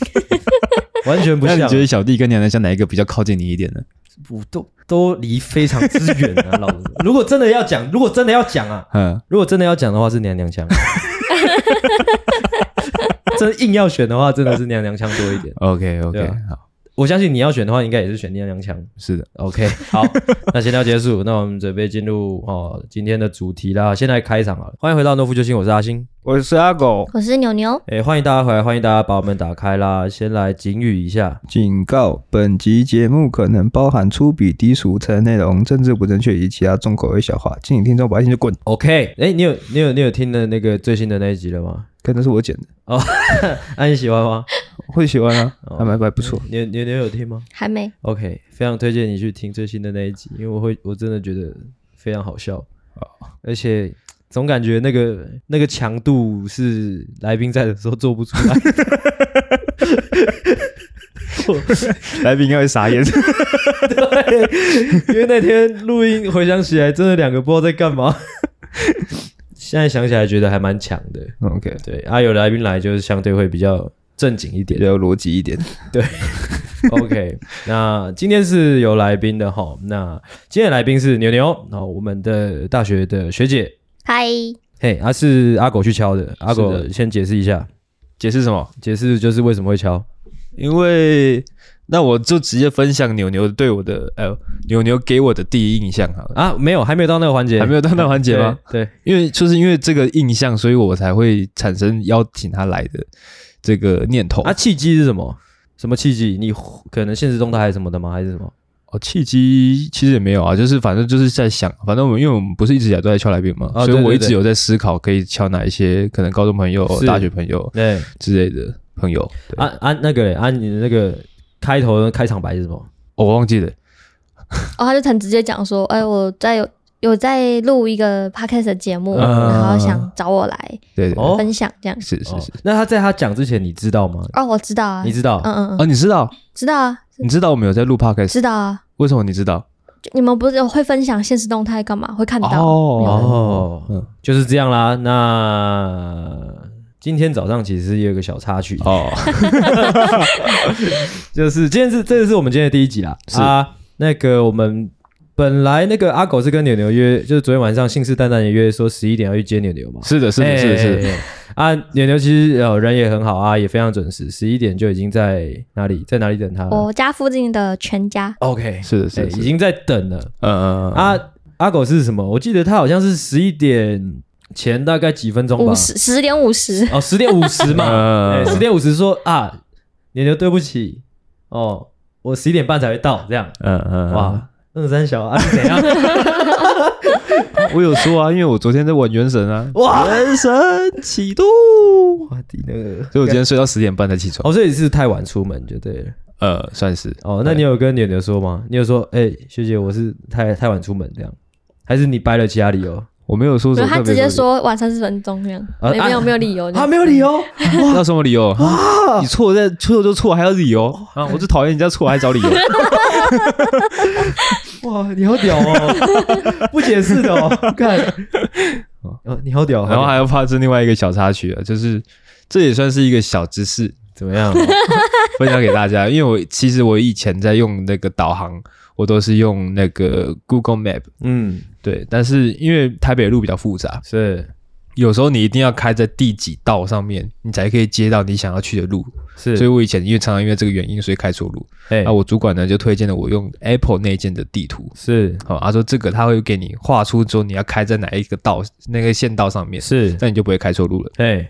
完全不是，啊，你覺得小弟跟娘娘腔哪一個比較靠近你一點呢？不都都離非常之遠啊， 老子。如果真的要講，如果真的要講啊，嗯，如果真的要講的話，是娘娘腔，啊。哈哈哈哈哈。真硬要選的話，真的是娘娘腔多一點。嗯，OK OK，啊，好，我相信你要選的話，應該也是選娘娘腔。是的，OK，好， 那閒聊結束，那我們準備進入哦今天的主題啦。現在開場了，歡迎回到諾夫救星，我是阿星。我是阿狗，我是牛牛。哎、欸，歡迎大家回來，歡迎大家把我們打開啦。先來警語一下：警告，本集節目可能包含粗鄙、低俗、無才內容、政治不正確以及其他重口味笑話，請你聽眾不愛聽就滾。OK，哎、欸，你有你有你有聽的那個最新的那一集了嗎？可能是我剪的哦。那、oh, 啊、你喜歡嗎？ 會喜歡啊， oh, 還蠻不錯。牛牛牛有聽嗎？還沒。OK，非常推薦你去聽最新的那一集，因為我會我真的覺得非常好笑啊，oh. 而且。總感覺那個那個強度是來賓在的時候做不出來，來賓應該會傻眼。對，因為那天錄音回想起來，真的兩個不知道在幹嘛。 現在想起來覺得還蠻強的。OK，對，啊，有來賓來就是相對會比較正經一點，比較邏輯一點。 對，OK，那今天是有來賓的齁。那今天的來賓是牛牛，然後我們的大學的學姐。嗨，嘿、hey, 啊，他是阿狗去敲的。阿狗的 so, 先解釋一下，解釋什麼？解釋就是為什麼會敲。因為那我就直接分享牛牛對我的，哎、呃，牛牛給我的第一印象哈，啊。沒有，還沒有到那個環節，還沒有到那個環節嗎、嗯對？對，因為就是因為這個印象，所以我才會產生邀請他來的這個念頭。啊，契機是什麼？什麼契機？你可能現實中他還是什麼的嗎？還是什麼？契機其實也沒有啊，就是反正就是在想，反正我們因為我們不是一直以來都在敲來賓嘛、啊，所以我一直有在思考可以敲哪一些可能高中朋友、大學朋友之類的朋友。按安、啊，那個按、啊、你的那個開頭的開場白是什麼？哦，我忘記了。哦，他就曾直接講說，哎、 欸，我在有有在錄一個 podcast 的節目、嗯，然後想找我來對，對，對我分享這樣、哦。是是是。哦、那他在他講之前，你知道嗎？哦，我知道，啊，你知道，嗯嗯，嗯，嗯、啊，你知道，知道啊，你知道我們有在錄 podcast，知道啊。為什麼你知道？你們不是會分享限時動態幹嘛？會看到、oh, 哦，就是這樣啦。那今天早上其實也有個小插曲哦，oh. 就是今天是，這是我們今天的第一集啦。啊，那個我們本來那個阿狗是跟牛牛約，就是昨天晚上信誓旦旦的約說十一點要去接牛牛嘛。是的，是的，欸欸欸，是的是的。是的欸欸欸啊，牛牛其實呃人也很好啊，也非常準時，十一點就已經在哪裡，在哪裡等他。我家附近的全家。OK，是的，欸、是的已經在等了。嗯嗯，嗯。阿、啊、阿狗是什麼？我記得他好像是十一點前大概幾分鐘吧。十十點五十。哦，十點五十嘛。嗯嗯嗯嗯、欸、十點五十說啊，牛牛對不起哦，我十一點半才會到這樣。嗯嗯，嗯。哇。登、嗯、山小啊怎樣？ 啊？我有說啊，因為我昨天在玩原神啊。原神啟動哇、那個，所以，我今天睡到十點半才起床。哦，所以是太晚出門就對了。呃，算是。哦，那你有跟牛牛說嗎？你有說，誒、欸、學姐，我是太太晚出門這樣，還是你掰了其他理由？我沒有說,什麼沒有沒說什麼，他直接說晚三四分鐘那樣，沒有,、啊沒,有就是啊啊、沒有理由，他沒、啊、有理由，要什麼理由？啊、你錯，在錯就錯，還要理由？哦、啊，我最討厭人家錯還找理由。 哇，你好屌哦， 不解釋的哦，看、 啊，你好屌,好屌，然後還要發出另外一個小插曲啊，就是這也算是一個小知識，怎麼樣、哦？ 分享給大家，因為我其實我以前在用那個導航。我都是用那個 Google Map，嗯，對，但是因為台北的路比較複雜，是有時候你一定要開在第幾道上面，你才可以接到你想要去的路，是。所以我以前因為常常因為這個原因，所以開錯路。哎，那、啊、我主管呢就推薦了我用 Apple 內建的地圖，是。好，他說這個他會給你畫出之後，你要開在哪一個道、那個線道上面，是。那你就不會開錯路了。對。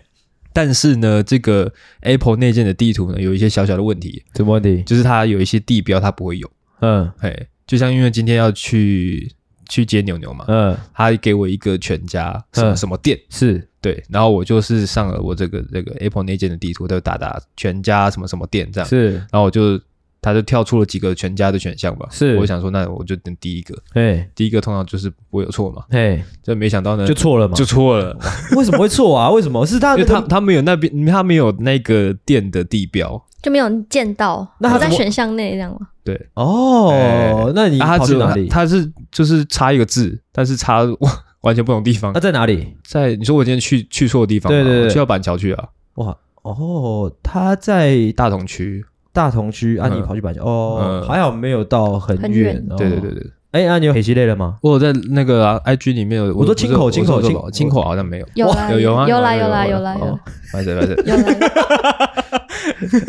但是呢，這個 Apple 內建的地圖呢，有一些小小的問題。什麼問題？嗯、就是它有一些地標，它不會有。嗯，嘿、hey,，就像因為今天要去去接牛牛嘛，嗯，他給我一個全家什麼什麼店，嗯、是對，然後我就是上了我這個這個 Apple 內建的地圖，就打打全家什麼什麼店這樣，是，然後我就。他就跳出了幾個全家的選項吧，是我想說，那我就等第一個，哎、hey.，第一個通常就是不會有錯嘛，哎，這沒想到呢，就錯了嘛，就錯了，為什麼會錯啊？ 為什麼？是他、那個、因為他他沒有那邊，他沒有那個店的地標，就沒有見到。那他在選項內，這樣嗎？對，哦、oh, hey.，那你他指哪裡、啊他他？他是就是差一個字，但是差完全不同地方。他 在哪裡？在你說我今天去去錯地方了，對對對我去到板橋去啊？哇，哦、oh,，他在大同區。大同區，阿、啊、妮跑去搬家哦、嗯，還好沒有到很遠、嗯哦。對對對對。哎、欸，阿牛很累了嗎？我有在那個 IG 裡面有，我都清口清口清口，清清口好像沒有。有有有啊！有啊，有啦有啦有、有。拜拜拜拜。有啦。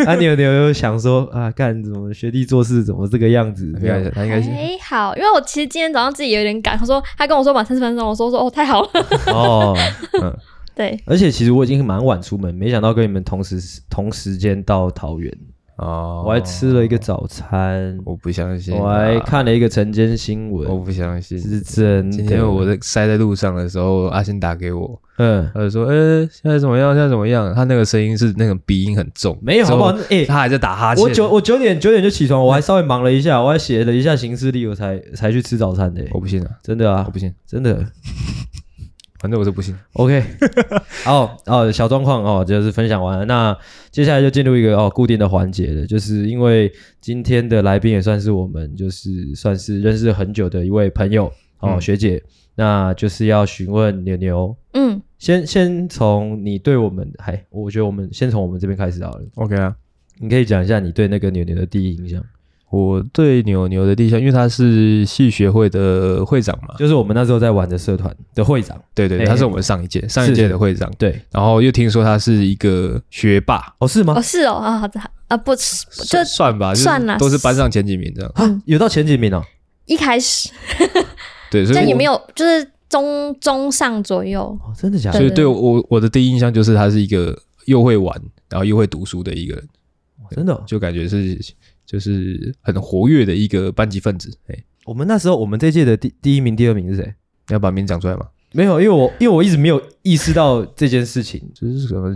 阿牛、哦啊，你有，你有想說啊？幹怎麼學弟做事怎麼這個樣子？沒事，他應該是。哎，好，因為我其實今天早上自己也有點趕。他說他跟我說晚三十分鐘，我說我說哦，太好了。哦， 嗯，對。而且其實我已經蠻晚出門，沒想到跟你們同時同時間到桃園。哦，我還吃了一個早餐，我不相信啊。我還看了一個晨間新聞，我不相信，是真的。今天因為我在塞在路上的時候，阿星打給我，嗯，他就說，呃、欸，現在怎麼樣？現在怎麼樣？他那個聲音是那個鼻音很重，沒有，欸、他還在打哈欠。我九，我九點九點就起床，我還稍微忙了一下，我還寫了一下行事曆，我才才去吃早餐的、欸。我不信啊，真的啊，我不信，真的。 反正我是不信、okay. oh, oh,。OK，、oh, 好哦，小狀況哦，就是分享完了，那接下來就進入一個哦、oh, 固定的環節了，就是因為今天的來賓也算是我們就是算是認識很久的一位朋友哦、oh, 嗯，學姐，那就是要詢問牛牛，嗯，先先從你對我們，哎，我覺得我們先從我們這邊開始好了，OK 啊，你可以講一下你對那個牛牛的第一印象。我對牛牛的印象，因為他是戲學會的會長嘛，就是我們那時候在玩的社團的會長。對對對，嘿嘿，他是我們上一屆上一屆的會長。對，然後又聽說他是一個學霸哦，是嗎？哦是哦，哦、啊、啊，不算就算吧，算了、啊，就是，都是班上前幾名這樣。啊，有到前幾名、哦、啊？一開始， 對，所以你沒有就是中中上左右、哦。真的假的？對對對，所以對我我的第一印象就是他是一個又會玩然後又會讀書的一個人。真的、哦？就感覺是。就是很活躍的一個班級分子。哎、欸，我們那時候，我們這屆的第第一名、第二名是誰？你要把名講出來嗎？沒有，因為我因為我一直沒有意識到這件事情， 就是什麼、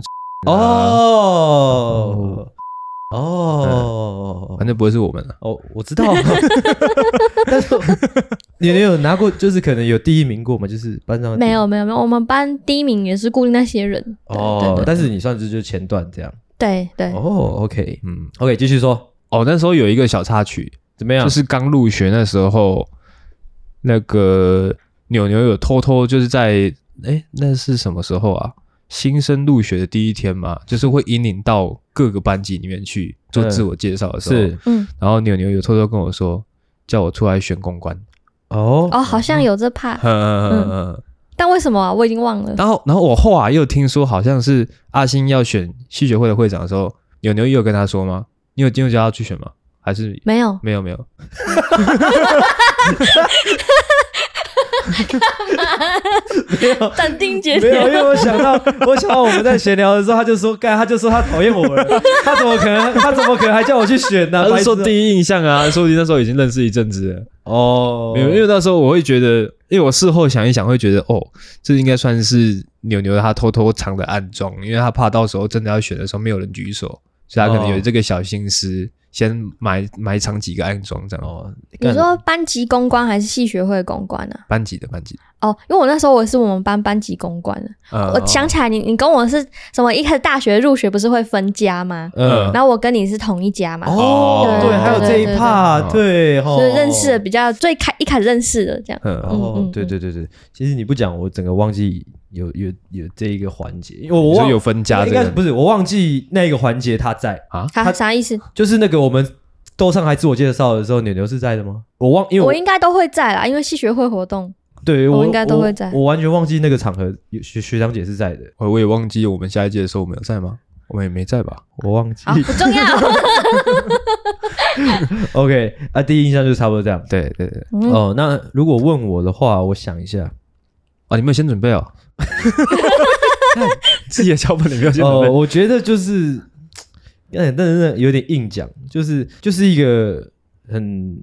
啊、哦、嗯、哦、嗯，反正不會是我們了、啊。哦，我知道， 但是你有拿過，就是可能有第一名過嗎？就是班上沒有，沒有，沒有，我們班第一名也是固定那些人。哦對對對，但是你算是就前段這樣。對對。哦、oh,，OK，嗯，OK，繼續說。哦，那時候有一個小插曲，怎麼樣？就是剛入學那時候，那個牛牛有偷偷就是在哎、欸，那是什麼時候啊？新生入學的第一天嘛，就是會引領到各個班級裡面去做自我介紹的時候。嗯、是，嗯。然後牛牛有偷偷跟我說，叫我出來選公關。哦哦，好像有這 part、嗯。嗯嗯嗯嗯。但為什麼啊？我已經忘了。然後，然後我後來又聽說，好像是阿星要選系學會的會長的時候，牛牛也有跟他說嗎？你有進叫他去選嗎？還是沒有？沒有沒有 嘛、啊， 沒有，沒有，斬釘截鐵，沒有。因為我想到，我想到我們在閒聊的時候，他就說，幹，他就說他討厭我了，他怎麼可能？他怎麼可能還叫我去選呢、啊？他說第一印象啊，說不定那時候已經認識一陣子了哦，哦。沒有，因為那時候我會覺得，因為我事後想一想，會覺得哦，這應該算是牛牛他偷偷藏的暗樁，因為他怕到時候真的要選的時候沒有人舉手。所以他可能有這個小心思先，先埋埋藏幾個暗樁，這樣哦，你說班級公關還是系學會公關呢、啊？班級的班級的哦，因為我那時候我是我們班班級公關的，嗯、我想起來你、哦、你跟我是什麼？一開始大學入學不是會分家嗎？嗯，嗯然後我跟你是同一家嘛？哦，對，還有這一趴，對,對,對,對，就、哦、認識的比較最開一開始認識的這樣。嗯,嗯,嗯、哦，對對對對，其實你不講我整個忘記。有有有這一個環節，因為我有分家，應該不是我忘記那個環節他在啊？他啥、啥意思？就是那個我們都上台自我介紹的時候，牛牛是在的嗎？我忘，因為我、我應該都會在啦，因為系學會活動，對我、我應該都會在我我。我完全忘記那個場合學學長姐是在的、哦，我也忘記我們下一屆的時候我們有在嗎？我們也沒在吧？我忘記，啊、不重要。 OK，那、啊、第一印象就是差不多這樣。對對對、嗯，哦，那如果問我的話，我想一下啊，你們先準備哦。哈哈哈哈哈！自己的腳本裡面 哦， 我覺得就是，哎、真的真的有點硬講，就是就是一個很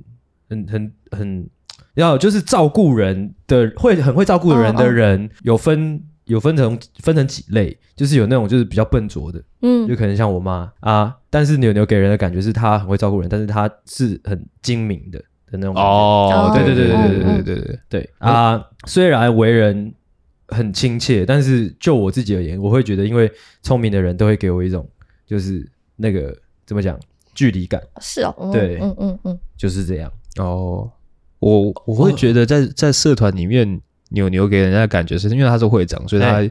很很很要就是照顧人的，會很會照顧人的人，哦、有分,、哦、有,分有分成分成幾類，就是有那種就是比較笨拙的，嗯，就可能像我媽啊，但是牛牛給人的感覺是她很會照顧人，但是她是很精明的的那種。哦，對對對對對對對哦，對對對對對對對對對,、欸、對啊，雖然為人。很親切，但是就我自己而言，我會覺得，因為聰明的人都會給我一種，就是那個怎麼講，距離感。是哦。嗯、對，嗯嗯嗯，就是這樣。哦，我我會覺得在在社團裡面，牛牛給人家的感覺是，是因為他是會長，所以他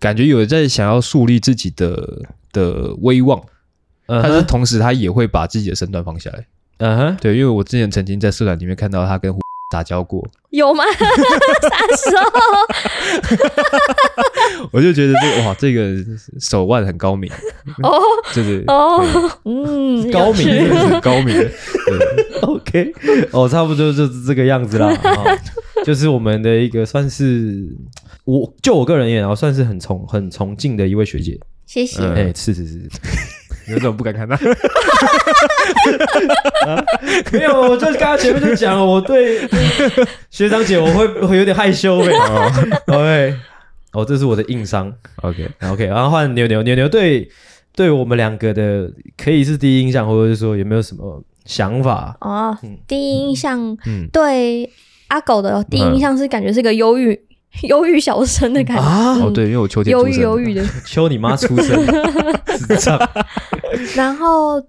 感覺有在想要樹立自己的的威望。嗯。但是同時，他也會把自己的身段放下來。嗯哼。對，因為我之前曾經在社團裡面看到他跟胡。打交過有嗎？啥時候，我就覺得這哇，這個手腕很高明哦、oh, 就是 oh, 嗯嗯，就是哦，嗯，高明，高明，o k 哦，okay. oh, 差不多就是這個樣子啦。 就是我們的一個算是，我就我個人而言，算是很崇很崇敬的一位學姐，謝謝，哎、嗯欸，是是是。 你有這種不敢看他， 啊、沒有，我就是剛剛前面就講了， 我對學長姐我會會有點害羞唄 不會 ，OK，哦、oh,，這是我的硬傷，OK，OK，、okay. okay. 然後換牛牛，牛牛對對我們兩個的可以是第一印象，或者是說有沒有什麼想法？哦、oh, 嗯，第一印象，嗯、對阿狗的第一印象是感覺是一個憂鬱。嗯憂鬱小生的感覺啊、嗯哦！對，因為我憂鬱憂鬱的，憂鬱憂鬱的、啊、秋，秋你媽出生， 然後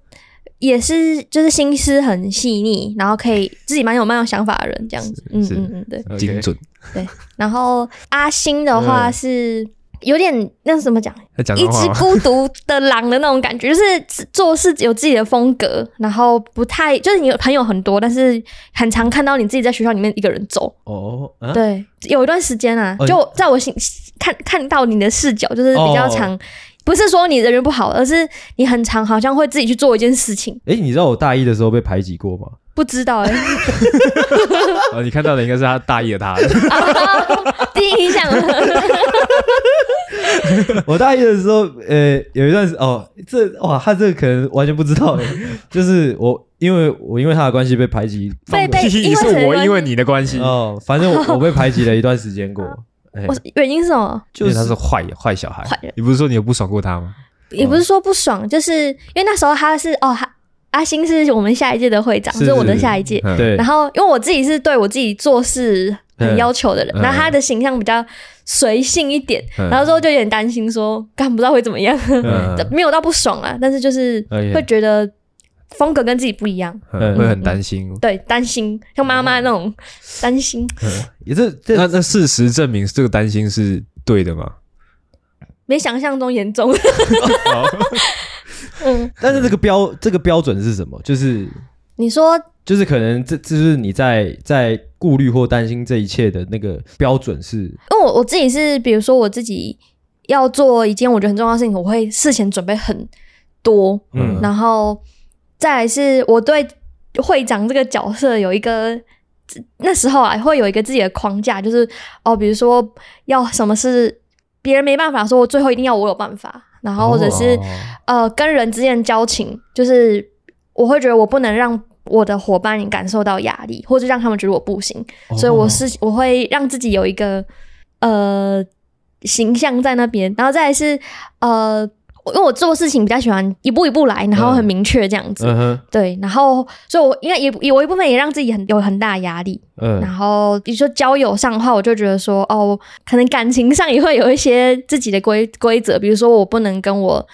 也是就是心思很細膩，然後可以自己蠻有蠻有想法的人這樣子是是，嗯嗯嗯，對，精準對。然後阿星的話是。嗯有點那是怎麼講？一隻孤獨的狼的那種感覺，就是做事有自己的風格，然後不太就是你有朋友很多，但是很常看到你自己在學校裡面一個人走。哦，啊、對，有一段時間啊，就在我心、哦、看看到你的視角，就是比較常，哦、不是說你人緣不好，而是你很常好像會自己去做一件事情。哎、欸，你知道我大一的時候被排擠過嗎？不知道哎、欸。 哦，你看到的應該是他大一的他 、哦。第一印象。 我大一的時候，呃、欸，有一段時哦，這哇，他這個可能完全不知道， 就是我，因為我因為他的關係被排擠，被被，因為我因為你的關係 哦，反正我 我被排擠了一段時間過，我、啊欸、原因是什麼？就是、因為他是壞壞小孩，你不是說你有不爽過他嗎？也不是說不爽，哦、就是因為那時候他是哦，他阿星是我們下一屆的會長，是，是，是，是、就是、我的下一屆、嗯嗯，對，然後因為我自己是對我自己做事很要求的人，那、嗯、他的形象比較隨性一點，然後之後就有點擔心說，說、嗯、幹不到會怎麼樣，嗯、 沒有到不爽啊、嗯，但是就是會覺得風格跟自己不一樣，嗯嗯、會很擔心、嗯，對，擔心像媽媽那種擔、嗯、心，嗯、也是那那事實證明這個擔心是對的嗎，沒想象中嚴重，嗯，但是這個標這個標準是什麼？就是。你說，就是可能這，這、就是你在在顧慮或擔心這一切的那個標準是，因為我我自己是，比如說我自己要做一件我覺得很重要的事情，我會事前準備很多，嗯，然後再來是，我對會長這個角色有一個那時候啊，會有一個自己的框架，就是哦，比如說要什麼事別人沒辦法說，說我最後一定要我有辦法，然後或者是、哦、呃，跟人之間的交情，就是我會覺得我不能讓。我的夥伴感受到壓力，或者讓他們覺得我不行，oh. 所以我是我會讓自己有一個呃形象，在那邊，然後再來是呃，因為我做事情比較喜歡一步一步來，然後很明確這樣子，uh-huh. 對，然後所以我因為也有一部分也讓自己很有很大壓力，嗯、uh-huh.，然後比如說交友上的話，我就覺得說哦，可能感情上也會有一些自己的規規則，比如說我不能跟我。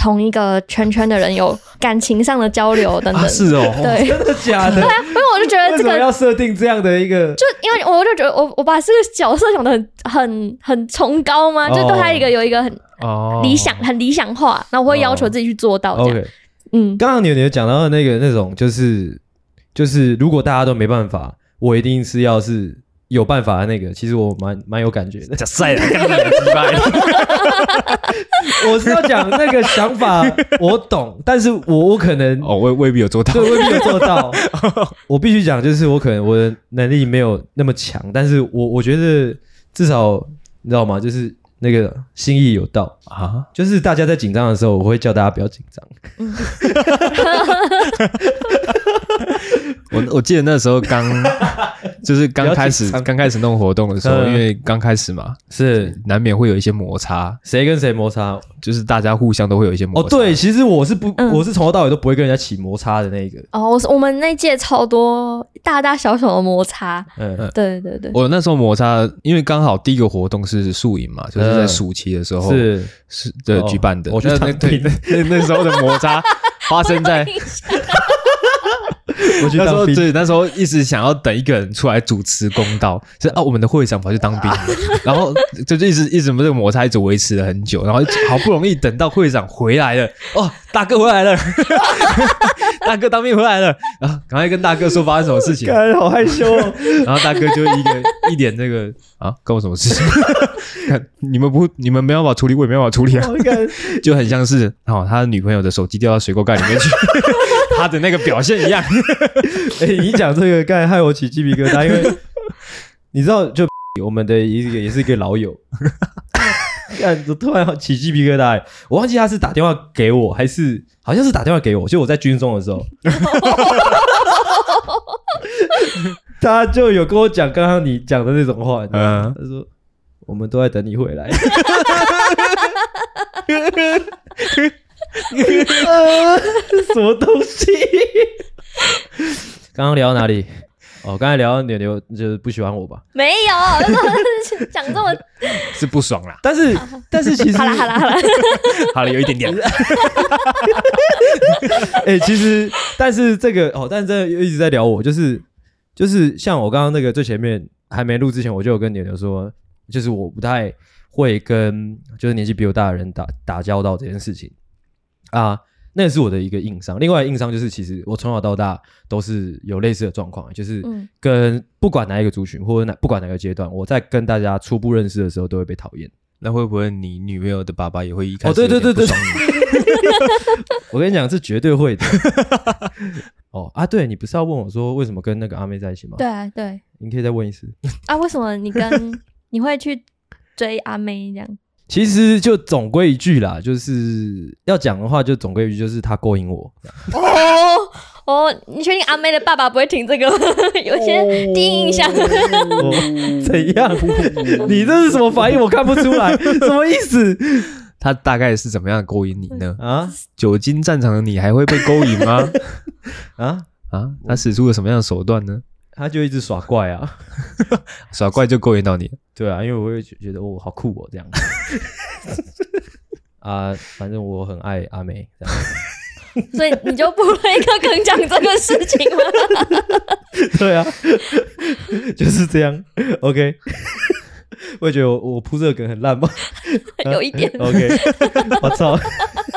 同一個圈圈的人有感情上的交流等等，啊、是哦，對，真的假的？ 對啊，因為我就覺得這個 要設定這樣的一個，就因為我就覺得我我把這個角色想得很很很崇高嘛，哦，就對他一個有一個很、哦、理想很理想化，那我會要求自己去做到。這樣。哦 okay. 嗯，剛剛你你講到的那個那種就是就是如果大家都沒辦法，我一定是要是。有辦法的那個，其實我蠻蠻有感覺的 我是要講那個想法， 我懂，但是我我可能哦，未未必有做到，未必有做到。必做到 我必須講，就是我可能我的能力沒有那麼強，但是我我覺得至少你知道嗎？就是那個心意有到啊，就是大家在緊張的時候，我會叫大家不要緊張。 我我記得那時候剛 就是剛開始剛 開始弄活動的時候， 嗯、因為剛開始嘛，是難免會有一些摩擦，誰跟誰摩擦，就是大家互相都會有一些摩擦。哦，對，其實我是不，嗯、我是從頭到尾都不會跟人家起摩擦的那個。哦，我是我們那屆超多大大小小的摩擦。嗯嗯，對對對。我那時候摩擦，因為剛好第一個活動是宿營嘛，就是在暑期的時候、嗯、是是對、哦、舉辦的。我覺得那對那 那時候的摩擦發生在。 我 那時候，對，那時候一直想要等一個人出來主持公道， 就是、啊，我們的會長跑去當兵， 然後就就一直一直這個摩擦一直維持了很久，然後好不容易等到會長回來了，哦，大哥回來了。 大哥當兵回來了啊！趕快跟大哥說發生什麼事情。剛才好害羞，哦。然後大哥就一個 一點那、這個啊，關我什麼事情？你們不，你們沒有辦法處理，我也沒有辦法處理啊！哦、 就很像是哦，他的女朋友的手機掉到水溝蓋裡面去， 他的那個表現一樣。哎、 欸，你講這個剛才害我起雞皮疙瘩、啊，因為你知道，就 X，我們的一個也是一個老友。 我突然起雞皮疙瘩，我忘記他是打電話給我，還是好像是打電話給我。就我在軍中的時候， 他就有跟我講剛剛你講的那種話。嗯，他說我們都在等你回來。 呃，什麼東西？剛 剛聊到哪裡？ 哦，剛才聊到牛牛，就是不喜歡我吧？沒有，講 這麼是不爽啦。但是好好但是其實 好了好了好了 好了，有一點點。哎 欸，其實但是這個哦，但是這個又一直在聊我，就是就是像我剛剛那個最前面還沒錄之前，我就有跟牛牛說，就是我不太會跟就是年紀比我大的人打打交道這件事情啊。那是我的一個硬傷，另外一個硬傷就是，其實我從小到大都是有類似的狀況，就是跟不管哪一個族群，或者哪不管哪個階段，我在跟大家初步認識的時候都會被討厭。那會不會你女朋友的爸爸也會一開始哦？對對對對，對。 我跟你講，是絕對會的。 哦啊對，對你不是要問我說，為什麼跟那個阿妹在一起嗎？對啊，對。你可以再問一次啊，為什麼你跟你會去追阿妹這樣？其實就總歸一句啦，就是要講的話就總歸一句，就是他勾引我。哦 哦，你確定阿妹的爸爸不會聽這個嗎？ 有些第一印象，怎樣？ 你這是什麼反應？ 我看不出來，什麼意思？ 他大概是怎麼樣勾引你呢？ 啊，久經戰場的你還會被勾引嗎？ 啊啊，他使出了什麼樣的手段呢？他就一直耍怪啊， 耍怪就勾引到你。 對啊，因為我會覺得哦，好酷哦這樣子。 啊，反正我很愛阿妹，這樣。所以你就鋪一個梗講這個事情嗎？ 對啊，就是這樣。OK，我會 覺得我我鋪這個梗很爛嗎？ 有一點。 OK，我 哇操。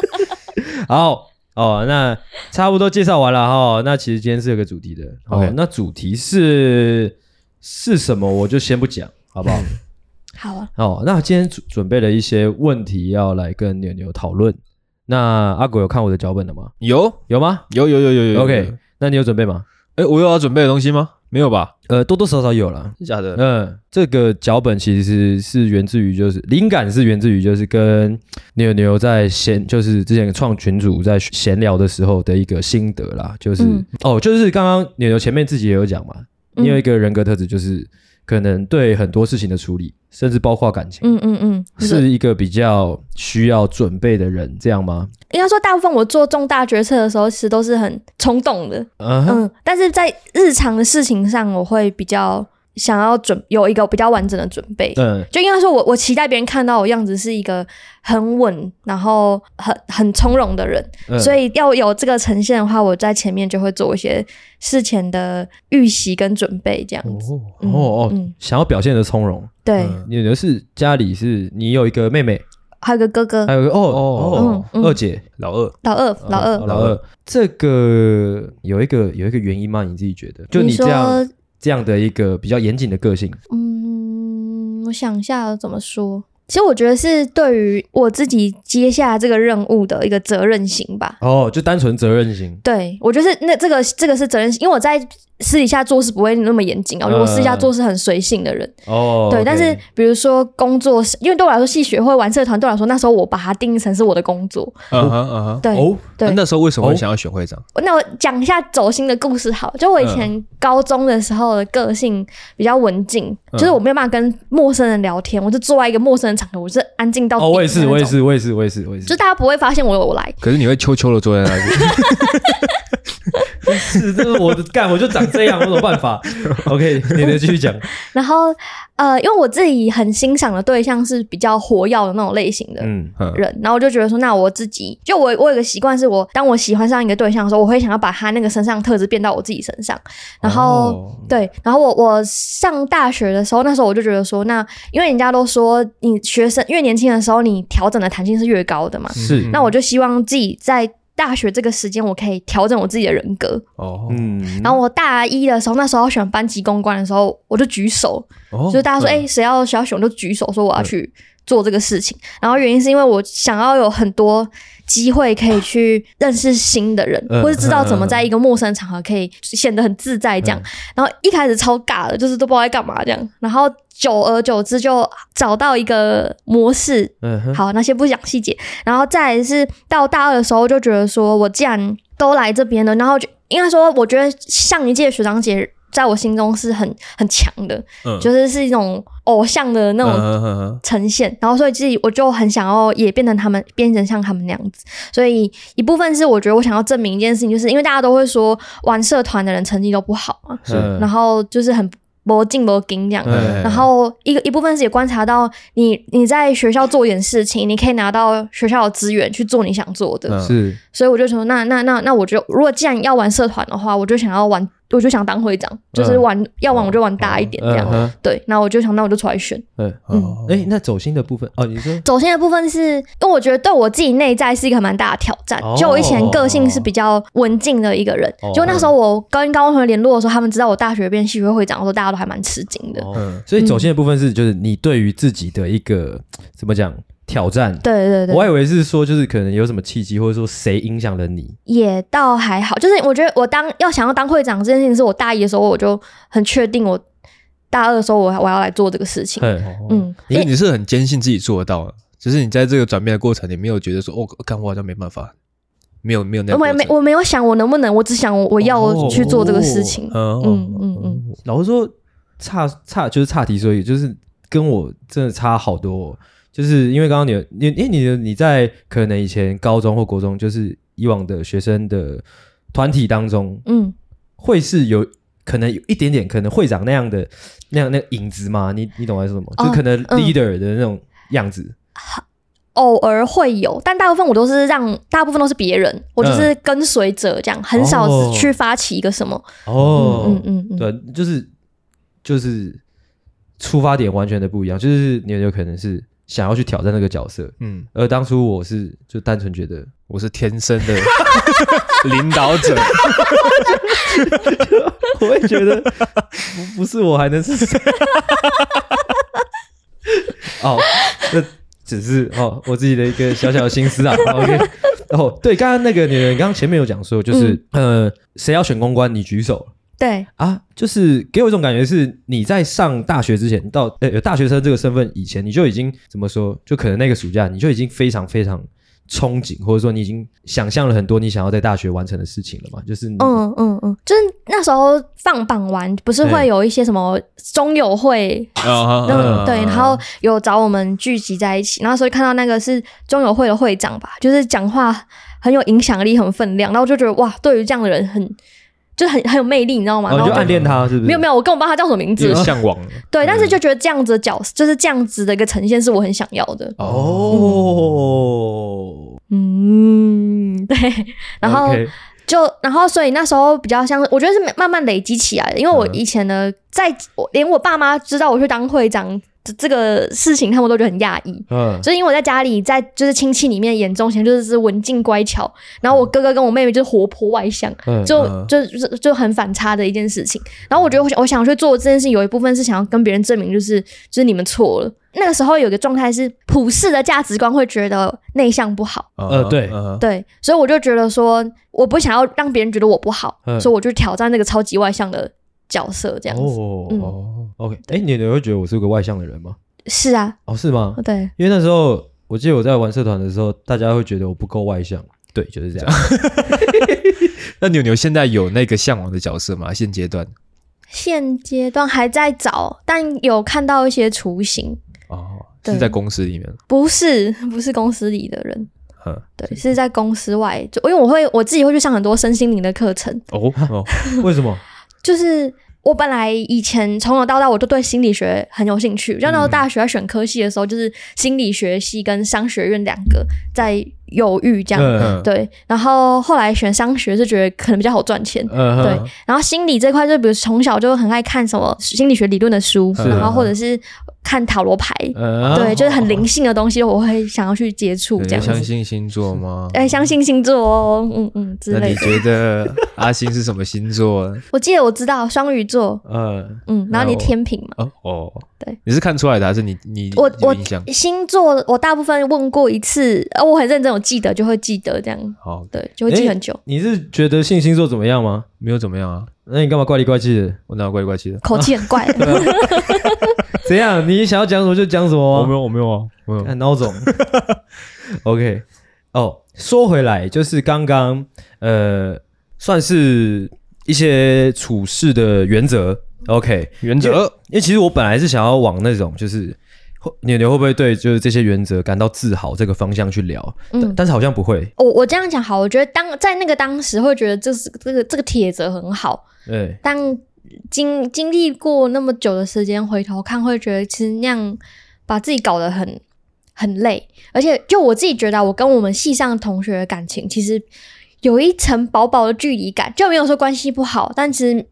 好。哦，那差不多介紹完了哈。那其實今天是有個主題的。OK。哦，那主題是是什麼？我就先不講，好不好？ 好啊。哦，那今天準準備了一些問題要來跟牛牛討論。那阿果有看我的腳本了嗎？有，有嗎？有，有，有，有，有，有。OK。那你有準備嗎？哎，我有要、啊、準備的東西嗎？沒有吧？呃，多多少少有啦，是假的。嗯，這個腳本其實是，是源自於，就是靈感是源自於，就是跟牛牛在閒，就是之前創群組在閒聊的時候的一個心得啦。就是、嗯、哦，就是剛剛牛牛前面自己也有講嘛，你、嗯、有一個人格特質就是。可能對很多事情的處理，甚至包括感情，嗯嗯嗯，是，是一個比較需要準備的人，這樣嗎？應該說，大部分我做重大決策的時候，其實都是很衝動的，uh-huh. 嗯，但是在日常的事情上，我會比較。想要準有一個比較完整的準備，嗯，就應該說我，我我期待別人看到我樣子是一個很穩，然後很很從容的人，嗯，所以要有這個呈現的話，我在前面就會做一些事前的預習跟準備，這樣哦、嗯、哦，哦、嗯、哦，想要表現的從容，嗯，對，嗯、你的是家裡是你有一個妹妹，還有個哥哥，還有個哦哦，哦，哦、嗯、二姐，嗯老二老二，老二，老二，老二，老二，這個有一個有一個原因嗎？你自己覺得，就你這樣。這樣的一個比較嚴謹的個性，嗯，我想一下怎麼說。其實我覺得是對於我自己接下這個任務的一個責任心吧。哦，就單純責任心。對，我覺得是那這個這個是責任心，因為我在私底下做事不會那麼嚴謹啊，uh, 我私底下做事很隨性的人。哦、uh,。對，okay. 但是比如說工作是，因為對我來說，系學會玩社團對我來說，那時候我把它定義成是我的工作。嗯哼嗯哼。對、uh -huh. 對。Oh, 對那,那時候為什麼會想要選會長？那我講一下走心的故事好。就我以前高中的時候，的個性比較文靜，uh -huh. 就是我沒有辦法跟陌生人聊天，我就坐在一個陌生的場我是安靜到。哦，我也是，我也是，我也是，我也是，我也是。就大家不會發現我有來，可是你會悄悄的坐在那裡。 是，這是我的干， 我就長這樣，我有辦法。OK， 你再繼續講。然後呃，因為我自己很欣賞的對象是比較活躍的那種類型的人嗯人，然後我就覺得說，那我自己就我我有個習慣，是我當我喜歡上一個對象的時候，我會想要把他那個身上的特質變到我自己身上。然後、哦、對，然後我我上大學的時候，那時候我就覺得說那，那因為人家都說你。學生越年輕的時候，你調整的彈性是越高的嘛？是。那我就希望自己在大學這個時間，我可以調整我自己的人格。哦，嗯。然後我大一的時候，那時候選班級公關的時候，我就舉手。哦。就是大家說，哎、嗯，誰、欸、要選就舉手，說我要去做這個事情、嗯。然後原因是因為我想要有很多機會可以去認識新的人、嗯，或是知道怎麼在一個陌生場合可以顯得很自在這樣、嗯。然後一開始超尬的，就是都不知道該幹嘛這樣。然後。久而久之就找到一個模式，嗯哼，好，那些不講細節，然後再來是到大二的時候就覺得說，我既然都來這邊了，然後就，應該說我覺得上一屆學長姐在我心中是很很強的，嗯，就是是一種偶像的那種呈現，嗯、哼哼哼然後所以自己我就很想要也變成他們，變成像他們那樣子，所以一部分是我覺得我想要證明一件事情，就是因為大家都會說玩社團的人成績都不好嘛，嗯，然後就是很。博進博進這樣、嗯，然後一個一部分是也觀察到你你在學校做點事情，你可以拿到學校的資源去做你想做的、嗯，是，所以我就說，那那那那，那那我就，如果既然要玩社團的話，我就想要玩。我就想當會長，就是玩、嗯、要玩我就玩大一點這樣。嗯嗯嗯嗯、對，那我就想，那我就出來選。嗯哎、嗯欸，那走心的部分哦，你說走心的部分是，因為我覺得對我自己內在是一個蠻大的挑戰、哦。就我以前個性是比較文靜的一個人，就、哦、那時候我跟高中同學聯絡的時候、哦，他們知道我大學變系學會會長的時候，我說大家都還蠻吃驚的。嗯、哦，所以走心的部分是，嗯、就是你對於自己的一個怎麼講？挑戰，對對對，我還以為是說就是可能有什麼契機，或者說誰影響了你，也倒還好。就是我覺得我當要想要當會長這件事情，是我大一的時候我就很確定，我大二的時候我我要來做這個事情。嗯，因、哦、為、哦嗯你，欸、你是很堅信自己做得到、啊，就是你在這個轉變的過程，你沒有覺得說哦，幹我好像沒辦法，沒有沒有那，我沒，沒我沒有想我能不能，我只想我要去做這個事情。哦哦哦哦哦哦哦哦嗯嗯嗯嗯，老實說，差差就是差題，所以就是跟我真的差好多、哦。就是因為剛剛你你因為你你，你在可能以前高中或國中就是以往的學生的團體當中，嗯，會是有可能有一點點可能會長那樣的那樣那個影子嗎？你你懂我在說什麼哦？就可能 leader 的那種樣子，嗯，偶爾會有，但大部分我都是讓大部分都是別人，我就是跟隨者這樣，嗯，很少去發起一個什麼。哦，嗯嗯嗯，嗯，對，就是就是出發點完全的不一樣，就是你有可能是。想要去挑戰那個角色，嗯，而當初我是就單純覺得我是天生的 領導者， 我也覺得不不是我還能是誰？哦，這只是哦，oh, 我自己的一個小小的心思啊。OK，哦，oh, 對，剛剛那個女人，剛，剛前面有講說，就是，嗯，呃誰要選公關，你舉手。對啊，就是給我一種感覺，是你在上大學之前，到、欸、有大學生這個身份以前，你就已經怎麼說？就可能那個暑假，你就已經非常非常憧憬，或者說你已經想象了很多你想要在大學完成的事情了嘛？就是嗯嗯嗯，就是那時候放榜完，不是會有一些什麼中友會、欸哦嗯，對，然後有找我們聚集在一起，然後所以看到那個是中友會的會長吧，就是講話很有影響力、很分量，然後我就覺得哇，對於這樣的人很。就很很有魅力，你知道嗎？然、哦、後就暗戀他是不是？沒有沒有，我根本不知道他叫什麼名字。嚮往。 對、嗯，但是就覺得這樣子的角色，就是這樣子的一個呈現，是我很想要的。哦，嗯，對。然後、哦 okay、就然後，所以那時候比較像，我覺得是慢慢累積起來的。因為我以前呢，嗯、在連我爸媽知道我去當會長。這個事情，他們都覺得很訝異。嗯，所以因為我在家裡，在就是親戚裡面眼中，其實就是文靜乖巧。然後我哥哥跟我妹妹就是活潑外向，嗯、就、嗯、就就就很反差的一件事情。嗯、然後我覺得我想，我我想去做這件事情，有一部分是想要跟別人證明，就是就是你們錯了。那個時候有一個狀態是，普世的價值觀會覺得內向不好。呃、嗯，對、嗯、對、嗯，所以我就覺得說，我不想要讓別人覺得我不好，所以我就挑戰那個超級外向的角色，這樣子，嗯。嗯 OK，哎，牛牛會覺得我是個外向的人嗎？是啊。哦，是嗎？對，因為那時候我記得我在玩社團的時候，大家會覺得我不夠外向。對，就是這樣。 那牛牛現在有那個向往的角色嗎？現階段？現階段還在找，但有看到一些雛形。哦，是在公司裡面？不是，不是公司裡的人。嗯，對，是在公司外，就因為我會我自己會去上很多身心靈的課程。哦哦，為什麼？ 就是。我本來以前從小到大，我都對心理學很有興趣。像當時大學在選科系的時候、嗯，就是心理學系跟商學院兩個在猶豫這樣，嗯嗯。對，然後後來選商學是覺得可能比較好賺錢、嗯。對，然後心理這塊就比如從小就很愛看什麼心理學理論的書、嗯，然後或者是。看塔羅牌、嗯，對，就是很靈性的東西、哦，我會想要去接觸這樣子。相信星，星座嗎？哎、欸，相信星，星座哦，嗯嗯，嗯之類的。你覺得阿星是什麼星座？ 我記得我知道雙魚座，嗯嗯，然後你天秤嘛，哦，哦對，你是看出來的還是你你我你我星座？我大部分問過一次，呃，我很認真，我記得就會記得這樣。好，對，就會記很久、欸。你是覺得信星，星座怎麼樣嗎？沒有怎麼樣啊，那你幹嘛怪裡怪氣的？我哪有怪裡怪氣的？口氣很怪。啊 怎樣？你想要講什麼就講什麼、啊。Oh, 我沒有，我沒有啊，我沒有。看孬種。OK。哦，說回來，就是剛剛呃，算是一些處事的原則。OK，原則。因為其實我本來是想要往那種就是，牛牛會不會對就是這些原則感到自豪這個方向去聊？嗯，但是好像不會。我、oh, 我這樣講好，我覺得當在那個當時會覺得就是這個這個鐵則很好。對。當。經經歷過那麼久的時間，回頭看會覺得，其實那樣把自己搞得很很累。而且，就我自己覺得，我跟我們系上的同學的感情，其實有一層薄薄的距離感，就沒有說關係不好，但其實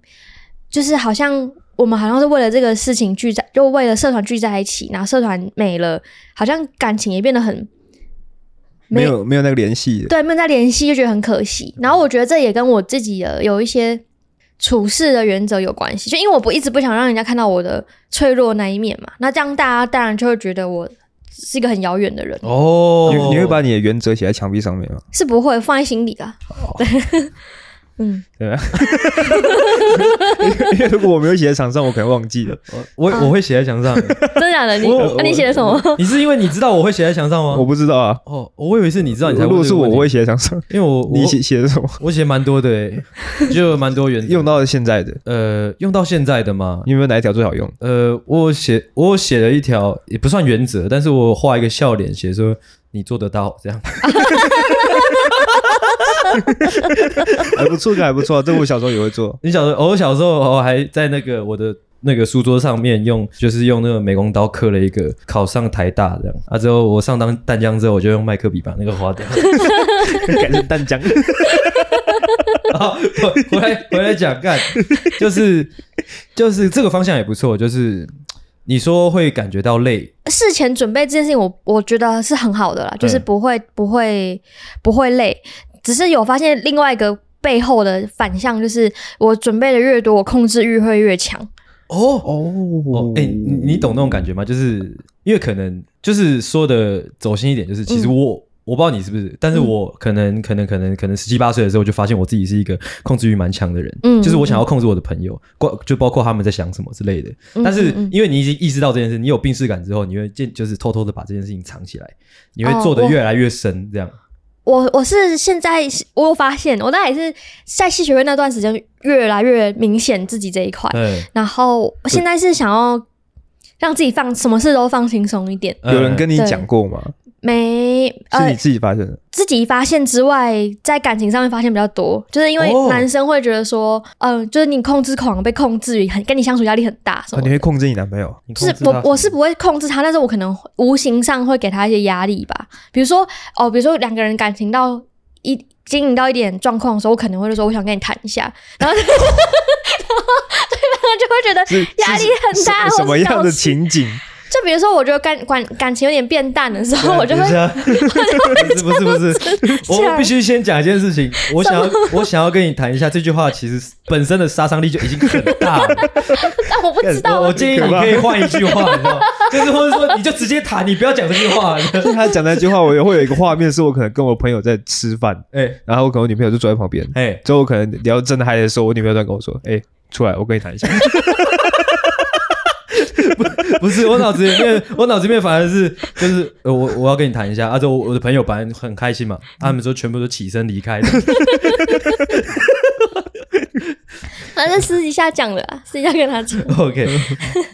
就是好像我們好像是為了這個事情聚在，就為了社團聚在一起，然後社團沒了，好像感情也變得很沒，沒有沒有那個聯繫。對，沒有在聯繫，就覺得很可惜，嗯。然後我覺得這也跟我自己的有一些。處事的原則有關係，就因為我不一直不想讓人家看到我的脆弱那一面嘛。那這樣大家當然就會覺得我是一個很遙遠的人哦。Oh. 你你會把你的原則寫在牆壁上面嗎？是不會，放在心裡啊。Oh. 嗯，對吧？ 因為如果我沒有寫在牆上，我可能忘記了。我我，我會寫在牆上。啊，真的，假的？你那、啊、你寫的什麼？你是因為你知道我會寫在牆上嗎？我不知道啊。哦，我以為是你知道你才會如不是我，我會寫在牆上，因為我你寫寫的什麼？我寫蠻多的，欸，就蠻多原則，用到現在的。呃，用到現在的嗎？你有沒有哪一條最好用？呃，我寫我寫了一條，也不算原則，但是我畫一個笑臉，寫說你做得到這樣。 還不錯，還不錯、啊。這我小時候也會做。你小時候，哦、我小時候，我、哦、還在那個我的那個書桌上面用，就是用那個美工刀刻了一個考上台大這樣啊，之後我上當淡江之後，我就用麥克筆把那個劃掉， 改成淡蛋江。啊， 回來回來講，看就是就是這個方向也不錯。就是你說會感覺到累，事前準備這件事情我，我我覺得是很好的啦，嗯、就是不會不會不會累。只是有發現另外一個背後的反向，就是我準備的越多，我控制欲會越強。哦哦，哎、欸，你懂那種感覺嗎？就是因為可能就是說的走心一點，就是、嗯、其實我我不知道你是不是，但是我可能、嗯、可能可能可能十七八歲的時候就發現我自己是一個控制欲蠻強的人，嗯，就是我想要控制我的朋友，嗯、就包括他們在想什麼之類的、嗯。但是因為你已經意識到這件事，你有病識感之後，你會就就是偷偷的把這件事情藏起來，你會做得越來越深，哦、這樣。我我是現在，我有發現我大概也是在戲學院那段時間越來越明顯自己這一塊，嗯，然後我現在是想要讓自己放什麼事都放輕鬆一點。有人跟你講過嗎？沒、呃，是你自己發現的？自己發現之外，在感情上面發現比較多，就是因為男生會覺得說，嗯、哦呃，就是你控制狂，被控制很，跟你相處壓力很大。什麼的啊、你會控制你男朋友？就是，我我是不會控制他，但是我可能無形上會給他一些壓力吧。比如說，哦，比如說兩個人感情到一經營到一點狀況的時候，我可能會說，我想跟你談一下。然後，哦、 然後對方就會覺得壓力很大，是是是什麼樣的情景？就比如說，我覺得感感感情有點變淡的時候，我就會。不是不是不是，不是不是 我必須先講一件事情。我想要我想要跟你談一下，這句話其實本身的殺傷力就已經很大了。 但我不知道我。我建議你可以換一句話你知道，就是或者說你就直接談， 你不要講這句話。 他講那句話，我也會有一個畫面，是我可能跟我朋友在吃飯，哎、欸，然後我跟我女朋友就坐在旁邊，哎、欸，之後我可能聊正的嗨的時候，我女朋友在跟我說，哎、欸，出來，我跟你談一下。 不是，我腦子裡面，我腦子裡面反而是就是我我要跟你談一下，而且我我的朋友本來很開心嘛，他、嗯啊、們說全部都起身離開。反正私底下講了，私底下跟他講。OK，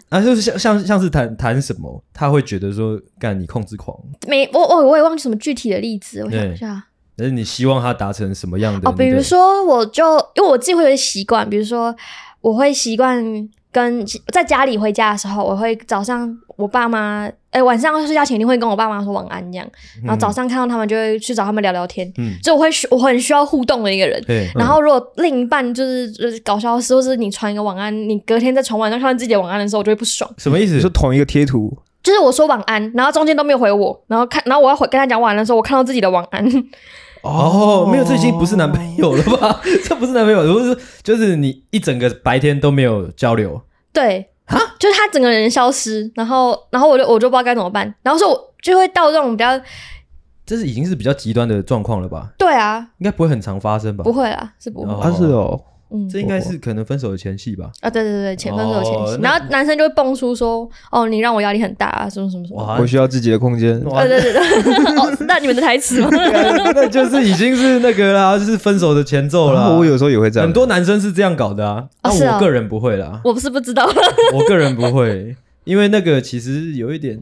啊，就是像像像是談談什麼，他會覺得說，幹你控制狂。沒，我我我也忘記什麼具體的例子，我想一下、嗯。但是你希望他達成什麼樣的？哦，比如說，我就、嗯、因為我自己會有點習慣，比如說我會習慣。跟在家裡回家的時候，我會早上我爸媽，哎、欸，晚上睡覺前一定會跟我爸媽說晚安這樣。然後早上看到他們，就會去找他們聊聊天。嗯、所就我會我很需要互動的一個人。對、嗯。然後如果另一半就是、就是搞笑的是，或是你傳一個晚安，你隔天再傳晚安，上看到自己的晚安的時候，我就會不爽。什麼意思？是、嗯、同一個貼圖？就是我說晚安，然後中間都沒有回我，然後看，然後我要回跟他講晚安的時候，我看到自己的晚安。哦，沒有，這已經不是男朋友了吧？這、oh、 不是男朋友，如果是，就是你一整個白天都沒有交流。對，啊，就是他整個人消失，然後，然後我就我就不知道該怎麼辦，然後說，我就會到這種比較，這是已經是比較極端的狀況了吧？對啊，應該不會很常發生吧？不會啦，是不會。會、哦、是哦。嗯、這應該是可能分手的前戲吧？啊、哦，對對對前分手的前戲、哦，然後男生就會蹦出說：“哦，哦你讓我壓力很大啊，什麼什麼什麼。”我需要自己的空間。對對對。那你們的台詞、嗯？那就是已經是那個啦，就是分手的前奏啦、哦。我有時候也會這樣，很多男生是這樣搞的啊。哦、那我個人不會啦。啊、我不是不知道， 我個人不會，因為那個其實有一點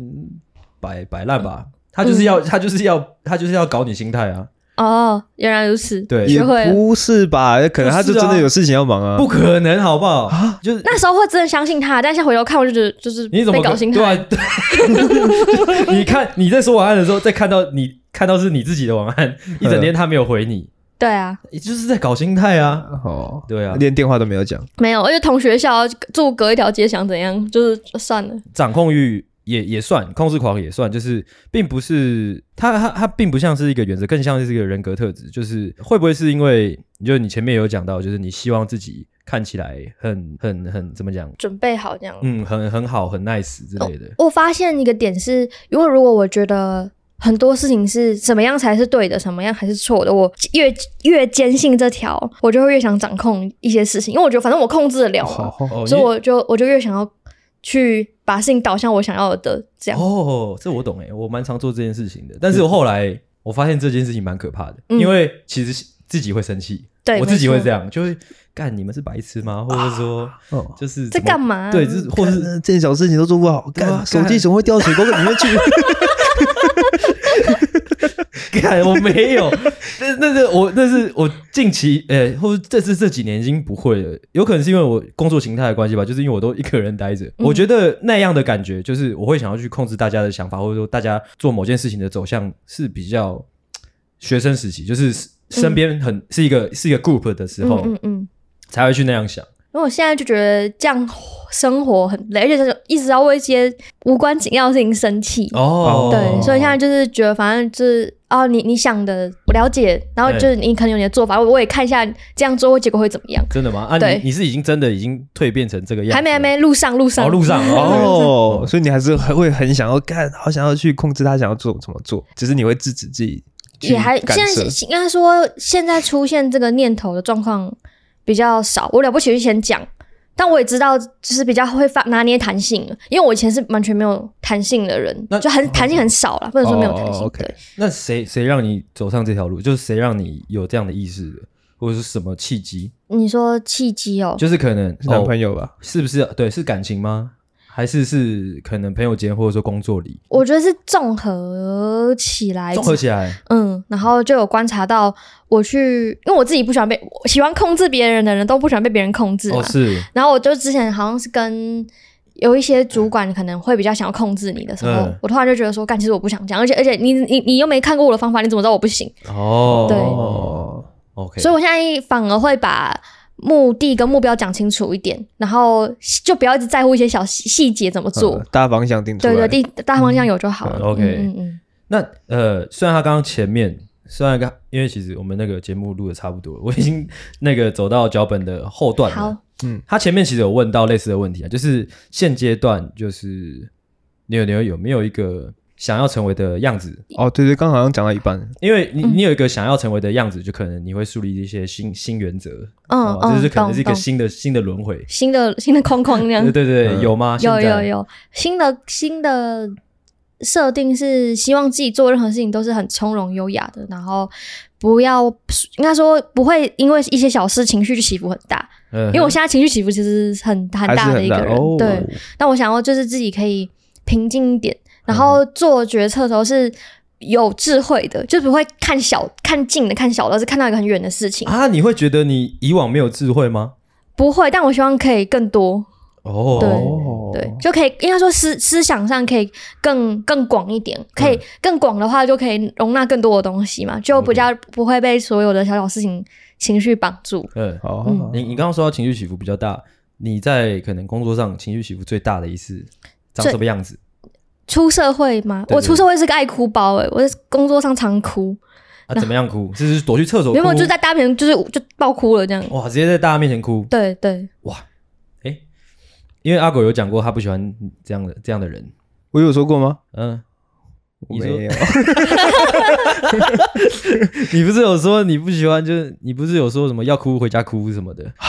擺擺爛吧、嗯他嗯。他就是要，他就是要，他就是要搞你心態啊。哦，原來如此。對，學會，也不是吧？可能他就真的有事情要忙啊，就是、啊不可能，好不好？就是那時候會真的相信他，但是現在回頭看我就覺得就是，啊、 就是你怎麼搞心態？你看你在說晚安的時候，再看到你看到是你自己的晚安， 一整天他沒有回你，對啊，也就是在搞心態啊。哦，對啊，連電話都沒有講，沒有，而且同學校住隔一條街，想怎樣就是就算了，掌控欲。也也算，控制狂也算，就是並不是他他他並不像是一個原則，更像是一個人格特質。就是會不會是因為，就是你前面有講到，就是你希望自己看起來很很很怎麼講，準備好這樣，嗯，很很好，很 nice 之類的、哦。我發現一個點是，因為如果我覺得很多事情是怎麼樣才是對的，什麼樣還是錯的，我越越堅信這條，我就會越想掌控一些事情，因為我覺得反正我控制得了嘛，哦哦哦、所以我就我就越想要去。把事情導向我想要的這樣。哦，這我懂誒、欸，我蠻常做這件事情的。但是我後來我發現這件事情蠻可怕的，因為其實自己會生氣，嗯、對，我自己會這樣，就會幹你們是白痴嗎？或者說，啊哦、就是在幹嘛？對，就是或是這件小事情都做不好，幹幹手機怎麼會掉水溝裡面去？ 我沒有，那那，那，那是我那是我近期呃、欸，或者這是這幾年已經不會了，有可能是因為我工作形態的關係吧，就是因為我都一個人待着、嗯，我覺得那樣的感覺，就是我會想要去控制大家的想法，或者說大家做某件事情的走向，是比較學生時期，就是身邊很、嗯、是一個是一個 group 的時候，嗯嗯嗯才會去那樣想。因為我現在就覺得這樣生活很累，而且就是一直要為一些無關緊要的事情生氣哦。對，所以現在就是覺得反正就是啊、哦，你你想的我了解，然後就是你可能有你的做法，欸、我也看一下這樣做結果會怎麼樣。真的嗎？啊，你你是已經真的已經蛻變成這個樣子，還沒還沒路上路上，哦，路上， 路上哦，所以你還是會很想要幹，好想要去控制他，想要做怎麼做，只是你會制止自己，也還現在應該說現在出現這個念頭的狀況。比較少，我了不起之前講，但我也知道，就是比較會發拿捏彈性，因為我以前是完全沒有彈性的人，那就很彈、哦、性很少啦，不能說沒有彈性。哦 okay。那誰誰讓你走上這條路？就是誰讓你有這樣的意識，或者是什麼契機？你說契機哦，就是可能男朋友吧？Oh, 是不是？對，是感情嗎？還是是可能朋友間，或者說工作裡，我覺得是綜合起來。綜合起來，嗯，然後就有觀察到，我去，因為我自己不喜歡被喜歡控制別人的人都不喜歡被別人控制嘛、哦。是。然後我就之前好像是跟有一些主管可能會比較想要控制你的時候，嗯、我突然就覺得說，但其實我不想講，而且而且你你你又沒看過我的方法，你怎麼知道我不行？哦，對哦，OK。所以我現在反而會把。目的跟目標講清楚一點，然後就不要一直在乎一些小細節怎麼做，嗯，大方向定對，對對，大方向有就好了。嗯嗯，OK，嗯，那呃，雖然他剛剛前面，雖然他，因為其實我們那個節目錄的差不多，我已經那個走到腳本的後段了。嗯，他前面其實有問到類似的問題啊，就是現階段就是你有你有，有沒有一個想要成為的樣子哦，對對，剛好像講到一半，嗯，因為你你有一個想要成為的樣子，就可能你會樹立一些新新原則，嗯就，嗯，是可能是一個新的，嗯，新的，新的輪迴，新的新的框框那樣， 對對對，對，嗯，有嗎？有有有，有新的新的設定是，希望自己做任何事情都是很從容優雅的，然後不要應該說不會因為一些小事情緒就起伏很大，嗯，因為我現在情緒起伏其實很很大的一個人，哦，對，但我想要就是自己可以平靜一點。然後做決策的時候是有智慧的，就不會看小、看近的、看小的，而是看到一個很遠的事情。啊，你會覺得你以往沒有智慧嗎？不會，但我希望可以更多。哦。對對，就可以，應該說思思想上可以更更廣一點，可以更廣的話，就可以容納更多的東西嘛，就比較不會被所有的小小事情、嗯、情緒綁，綁住。好好好。嗯。好。好，你你剛剛說到情緒起伏比較大，你在可能工作上情緒起伏最大的一次長什麼樣子？出社會嗎？我出社會是個愛哭包、欸、我在工作上常哭。啊，怎麼樣哭？就是，是躲去廁所哭哭。沒有，就是、在大面前、就是，就是就爆哭了這樣。哇！直接在大家面前哭。對對。哇，哎，因為阿狗有講過他不喜歡這樣的這樣的人，我有說過嗎？嗯。我沒有， 你不是有說你不喜歡，就是你不是有說什麼要哭回家哭什麼的啊,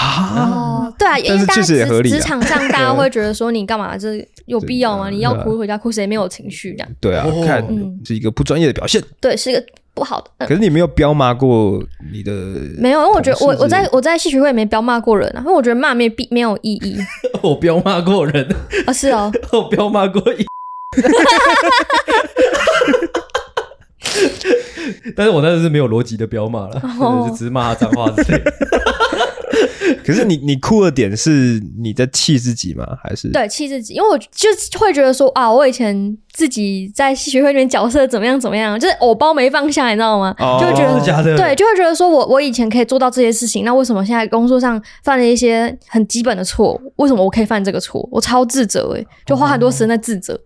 啊？對啊，因為大家但是其實也合理。職場上大家會覺得說你干嘛，這有必要嗎？你要哭回家哭，誰沒有情緒？對啊，我、啊、看這、哦、一個不專業的表現、嗯，對，是一個不好的。嗯、可是你沒有飆罵過你的，沒有，因為我覺得我我在我在學生會也沒飆罵過人啊，因為我覺得罵沒必沒有意義。 我飆罵過人啊？是 哦， 我飆罵過一。 但是我那時是沒有邏輯的，飆罵了，就只罵髒話之類的。 可是你你哭的點是你在氣自己嗎？還是對氣自己？因為我就會覺得說啊，我以前自己在學會裡面角色怎麼樣怎麼樣，就是偶包沒放下，你知道嗎？哦、oh.，是假的。對，就會覺得說我我以前可以做到這些事情，那為什麼現在工作上犯了一些很基本的錯誤？為什麼我可以犯這個錯？我超自責哎、欸，就花很多時間在自責。Oh.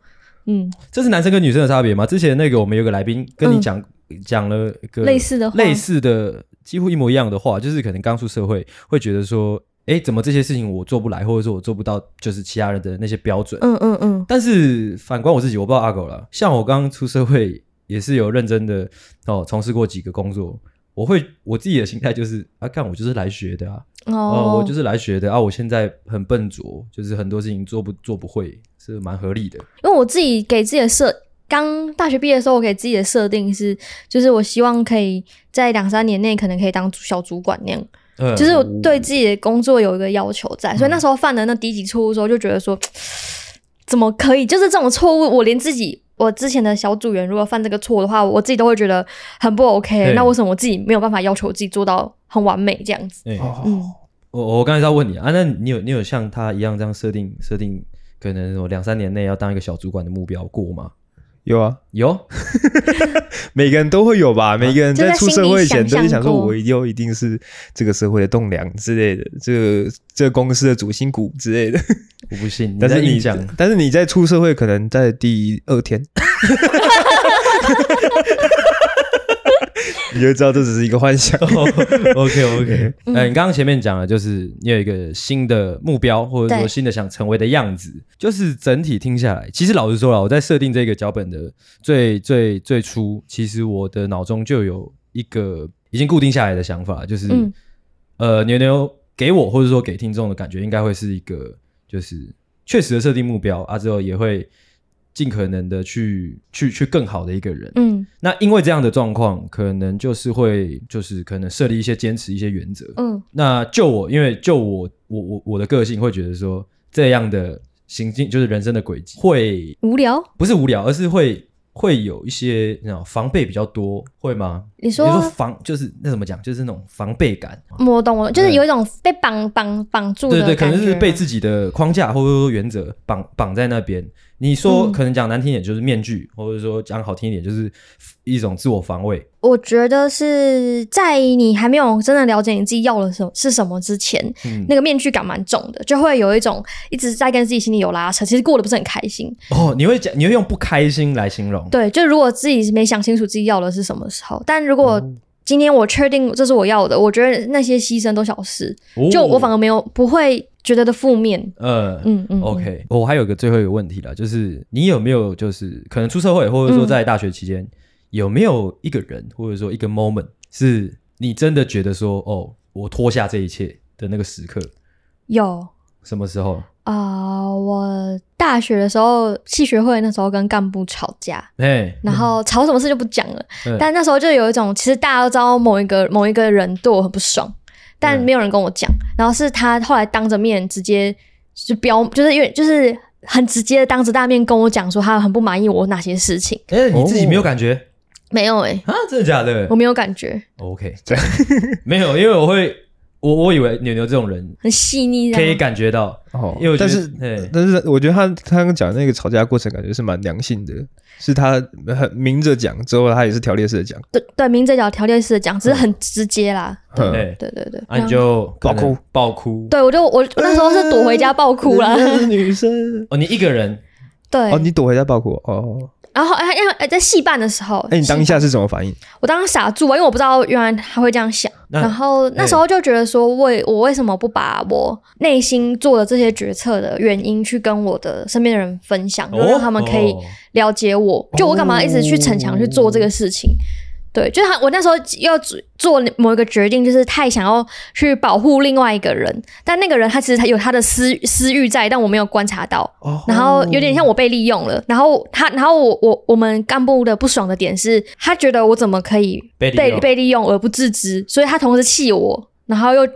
嗯，這是男生跟女生的差別嗎？之前那個我們有個來賓跟你講、嗯、講了個類似的類似的話，幾乎一模一樣的話，就是可能剛出社會會覺得說，哎，怎麼這些事情我做不來，或者說我做不到，就是其他人的那些標準。嗯嗯嗯。但是反觀我自己，我不知道阿狗啦。像我剛剛出社會也是有認真的哦，從事過幾個工作，我會我自己的心態就是啊，看我就是來學的啊。Oh, 哦，我就是來學的啊！我現在很笨拙，就是很多事情做不做不會，是蠻合理的。因為我自己給自己的設，剛大學畢業的時候，我給自己的設定是，就是我希望可以在兩三年內可能可以當小主管那樣。嗯，就是我對自己的工作有一個要求在，所以那時候犯了那低級錯誤的時候，就覺得說、嗯，怎麼可以？就是這種錯誤，我連自己我之前的小組員如果犯這個錯的話，我自己都會覺得很不 OK。那為什麼我自己沒有辦法要求自己做到？很完美這樣子。哦嗯、我我剛才在問你啊，那你有你有像他一樣這樣設定設定，設定可能我兩三年內要當一個小主管的目標過嗎？有啊，有。 每個人都會有吧，每個人在出社會前都會想，想說，我一定一定是這個社會的棟梁之類的，這個、這個、公司的主心骨之類的。 我不信，但是你講，但是你在出社會，可能在第二天。 你就知道這只是一個幻想。 OK OK、嗯。哎、欸，你剛剛前面講的就是你有一個新的目標，或者說新的想成為的樣子。就是整體聽下來，其實老實說啦，我在設定這個腳本的最最最初，其實我的腦中就有一個已經固定下來的想法，就是、嗯、呃牛牛給我或者說給聽眾的感覺，應該會是一個就是確實的設定目標啊，之後也會。盡可能的去去去更好的一個人，嗯，那因為這樣的狀況，可能就是會就是可能設立一些堅持一些原則，嗯，那就我因為就我我我我的個性會覺得說這樣的行徑就是人生的軌跡會無聊，不是無聊，而是會會有一些那種防備比較多，會嗎？你說，說防就是那怎麼講，就是那種防備感。我懂了，就是有一種被綁綁綁住的感覺，啊。對，對對，可能是被自己的框架或者說原則綁綁在那邊。你說可能講難聽一點就是面具，嗯，或者說講好聽一點就是一種自我防衛。我覺得是在你還沒有真的了解你自己要的時候是什麼之前，嗯，那個面具感蠻重的，就會有一種一直在跟自己心裡有拉扯，其實過得不是很開心。哦，你會講，你會用不開心來形容？對，就如果自己沒想清楚自己要的是什麼時候，但如果今天我確定這是我要的，我覺得那些犧牲都小事，哦，就我反而沒有不會覺得的負面。嗯，呃，嗯嗯。OK，我，哦，還有一個最後一個問題啦，就是你有沒有就是可能出社會，或者說在大學期間，嗯，有沒有一個人或者說一個 moment 是你真的覺得說哦，我脫下這一切的那個時刻？有。什麼時候？啊、uh,！我大學的時候，系學會那時候跟幹部吵架，對、hey.，然後吵什麼事就不講了。Hey. 但那時候就有一種，其實大家都知道某一個某一個人對我很不爽，但沒有人跟我講。Hey. 然後是他後來當着面直接就標就是因為就是很直接的當着大面跟我講說他很不滿意我哪些事情。誒、hey, oh.，你自己沒有感覺？Oh. 沒有誒、欸，啊、huh?，真的假的、欸？我沒有感覺。OK，這樣，沒有，因為我會。我我以為牛牛這種人很細膩，可以感覺到。因為我覺得，但是，但是我覺得他他剛講的那個吵架過程，感覺是蠻良性的。是他很明着講，之後他也是條列式的講。對對，明着講，條列式的講，只是很直接啦。嗯、對對、嗯、對對對，啊，你就暴哭暴哭。爆哭，對我就我那時候是躲回家暴哭啦。呃、女生哦，你一個人？對哦，你躲回家暴哭哦。然後，因、欸、為、欸、在戲辦的時候，哎、欸，你當下是什麼反應？我當時傻住，因為我不知道原來他會這樣想。然後那時候就覺得說為，為、欸、我為什麼不把我內心做的這些決策的原因去跟我的身邊的人分享，然、哦、後讓他們可以了解我，哦、就我幹嘛一直去逞強去做這個事情？哦對，就是他。我那時候要做某一個決定，就是太想要去保護另外一個人，但那個人他其實有他的私私欲在，但我沒有觀察到。Oh. 然後有點像我被利用了。然後他，然後我我我們幹部的不爽的點是，他覺得我怎麼可以被被利，被利用而不自知，所以他同時氣我，然後又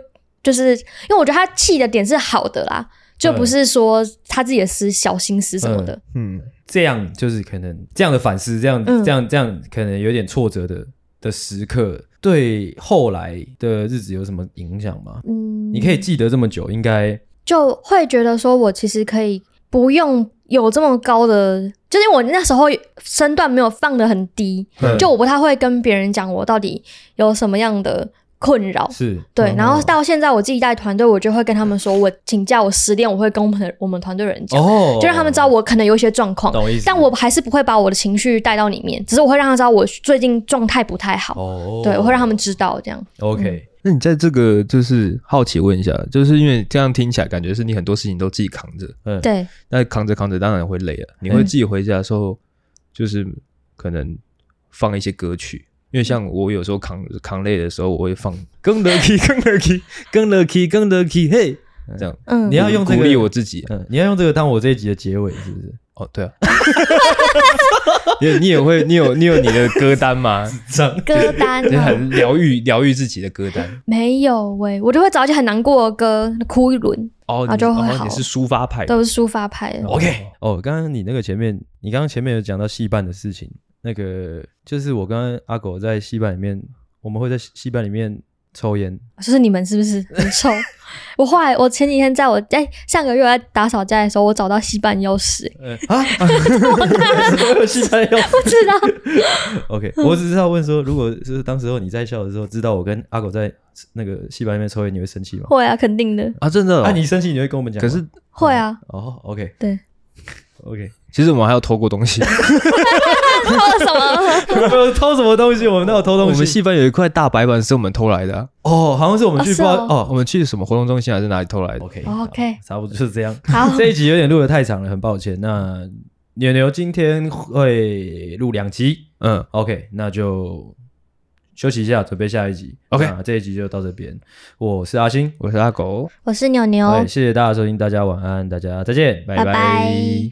就是因為我覺得他氣的點是好的啦，就不是說他自己的私小心思什麼的，嗯。嗯這樣就是可能這樣的反思，這樣這樣、嗯、這樣，這樣可能有點挫折的的時刻，對後來的日子有什麼影響嗎？嗯，你可以記得這麼久，應該就會覺得說我其實可以不用有這麼高的，就是因為我那時候身段沒有放得很低、嗯，就我不太會跟別人講我到底有什麼樣的。困擾是，對、哦，然後到現在我自己帶團隊，我就會跟他們說，我請假，我失戀，我會跟我們團隊人講、哦，就讓他們知道我可能有一些狀況，懂我意思？但我還是不會把我的情緒帶到裡面，只是我會讓他知道我最近狀態不太好。哦，對，我會讓他們知道這樣、哦嗯。OK，那你在這個就是好奇問一下，就是因為這樣聽起來感覺是你很多事情都自己扛着，嗯，對，那扛着扛着當然會累了、啊，你會自己回家的時候就是可能放一些歌曲。因為像我有時候扛扛累的時候，我會放更 l k e y 更 l k e y 更 l k e y 更 l k e y 嘿、嗯，這樣。嗯，你要用、這個、鼓勵我自己，嗯，你要用這個當我這一集的結尾，是不是？ 哦，對啊。你 你也會，你有你有你的歌單嗎？這樣歌單、哦，你很療癒療癒自己的歌單？沒有喂、欸，我就會找一些很難過的歌哭一輪，哦，你然後就會好。是抒發派的，都是抒發派的。OK，哦，剛剛你那個前面，你剛剛前面有講到戲班的事情。那個就是我跟阿狗在西班裡面，我們會在西班裡面抽菸。就是你們是不是很臭？ 我後來我前幾天在我哎、欸、上個月在打掃家的時候，我找到西班鑰匙。啊、欸 什麼戲班鑰匙？不知道。 OK，我只是要問說，如果是當時候你在校的時候，知道我跟阿狗在那個西班裡面抽菸，你會生氣嗎？會啊，肯定的啊，真的、哦、啊，你生氣你會跟我們講？可是、嗯、會啊。哦，OK，對。OK，其實我們還有偷過東西。 偷了什麼？ 偷什麼東西，我們哪有偷東西。哦、我們戲班有一塊大白板是我們偷來的、啊。哦，好像是我們去哦，哦，哦，我們去什麼活動中心還是哪裡偷來的？OK，OK、okay, 哦 okay 啊、差不多就是這樣。好，這一集有點錄得太長了，很抱歉。那牛牛 今天會錄兩集，嗯，OK，那就休息一下，準備下一集。OK，那這一集就到這邊。我是阿星，我是阿狗，我是牛牛。Okay, 謝謝大家收聽，大家晚安，大家再見，拜拜。拜拜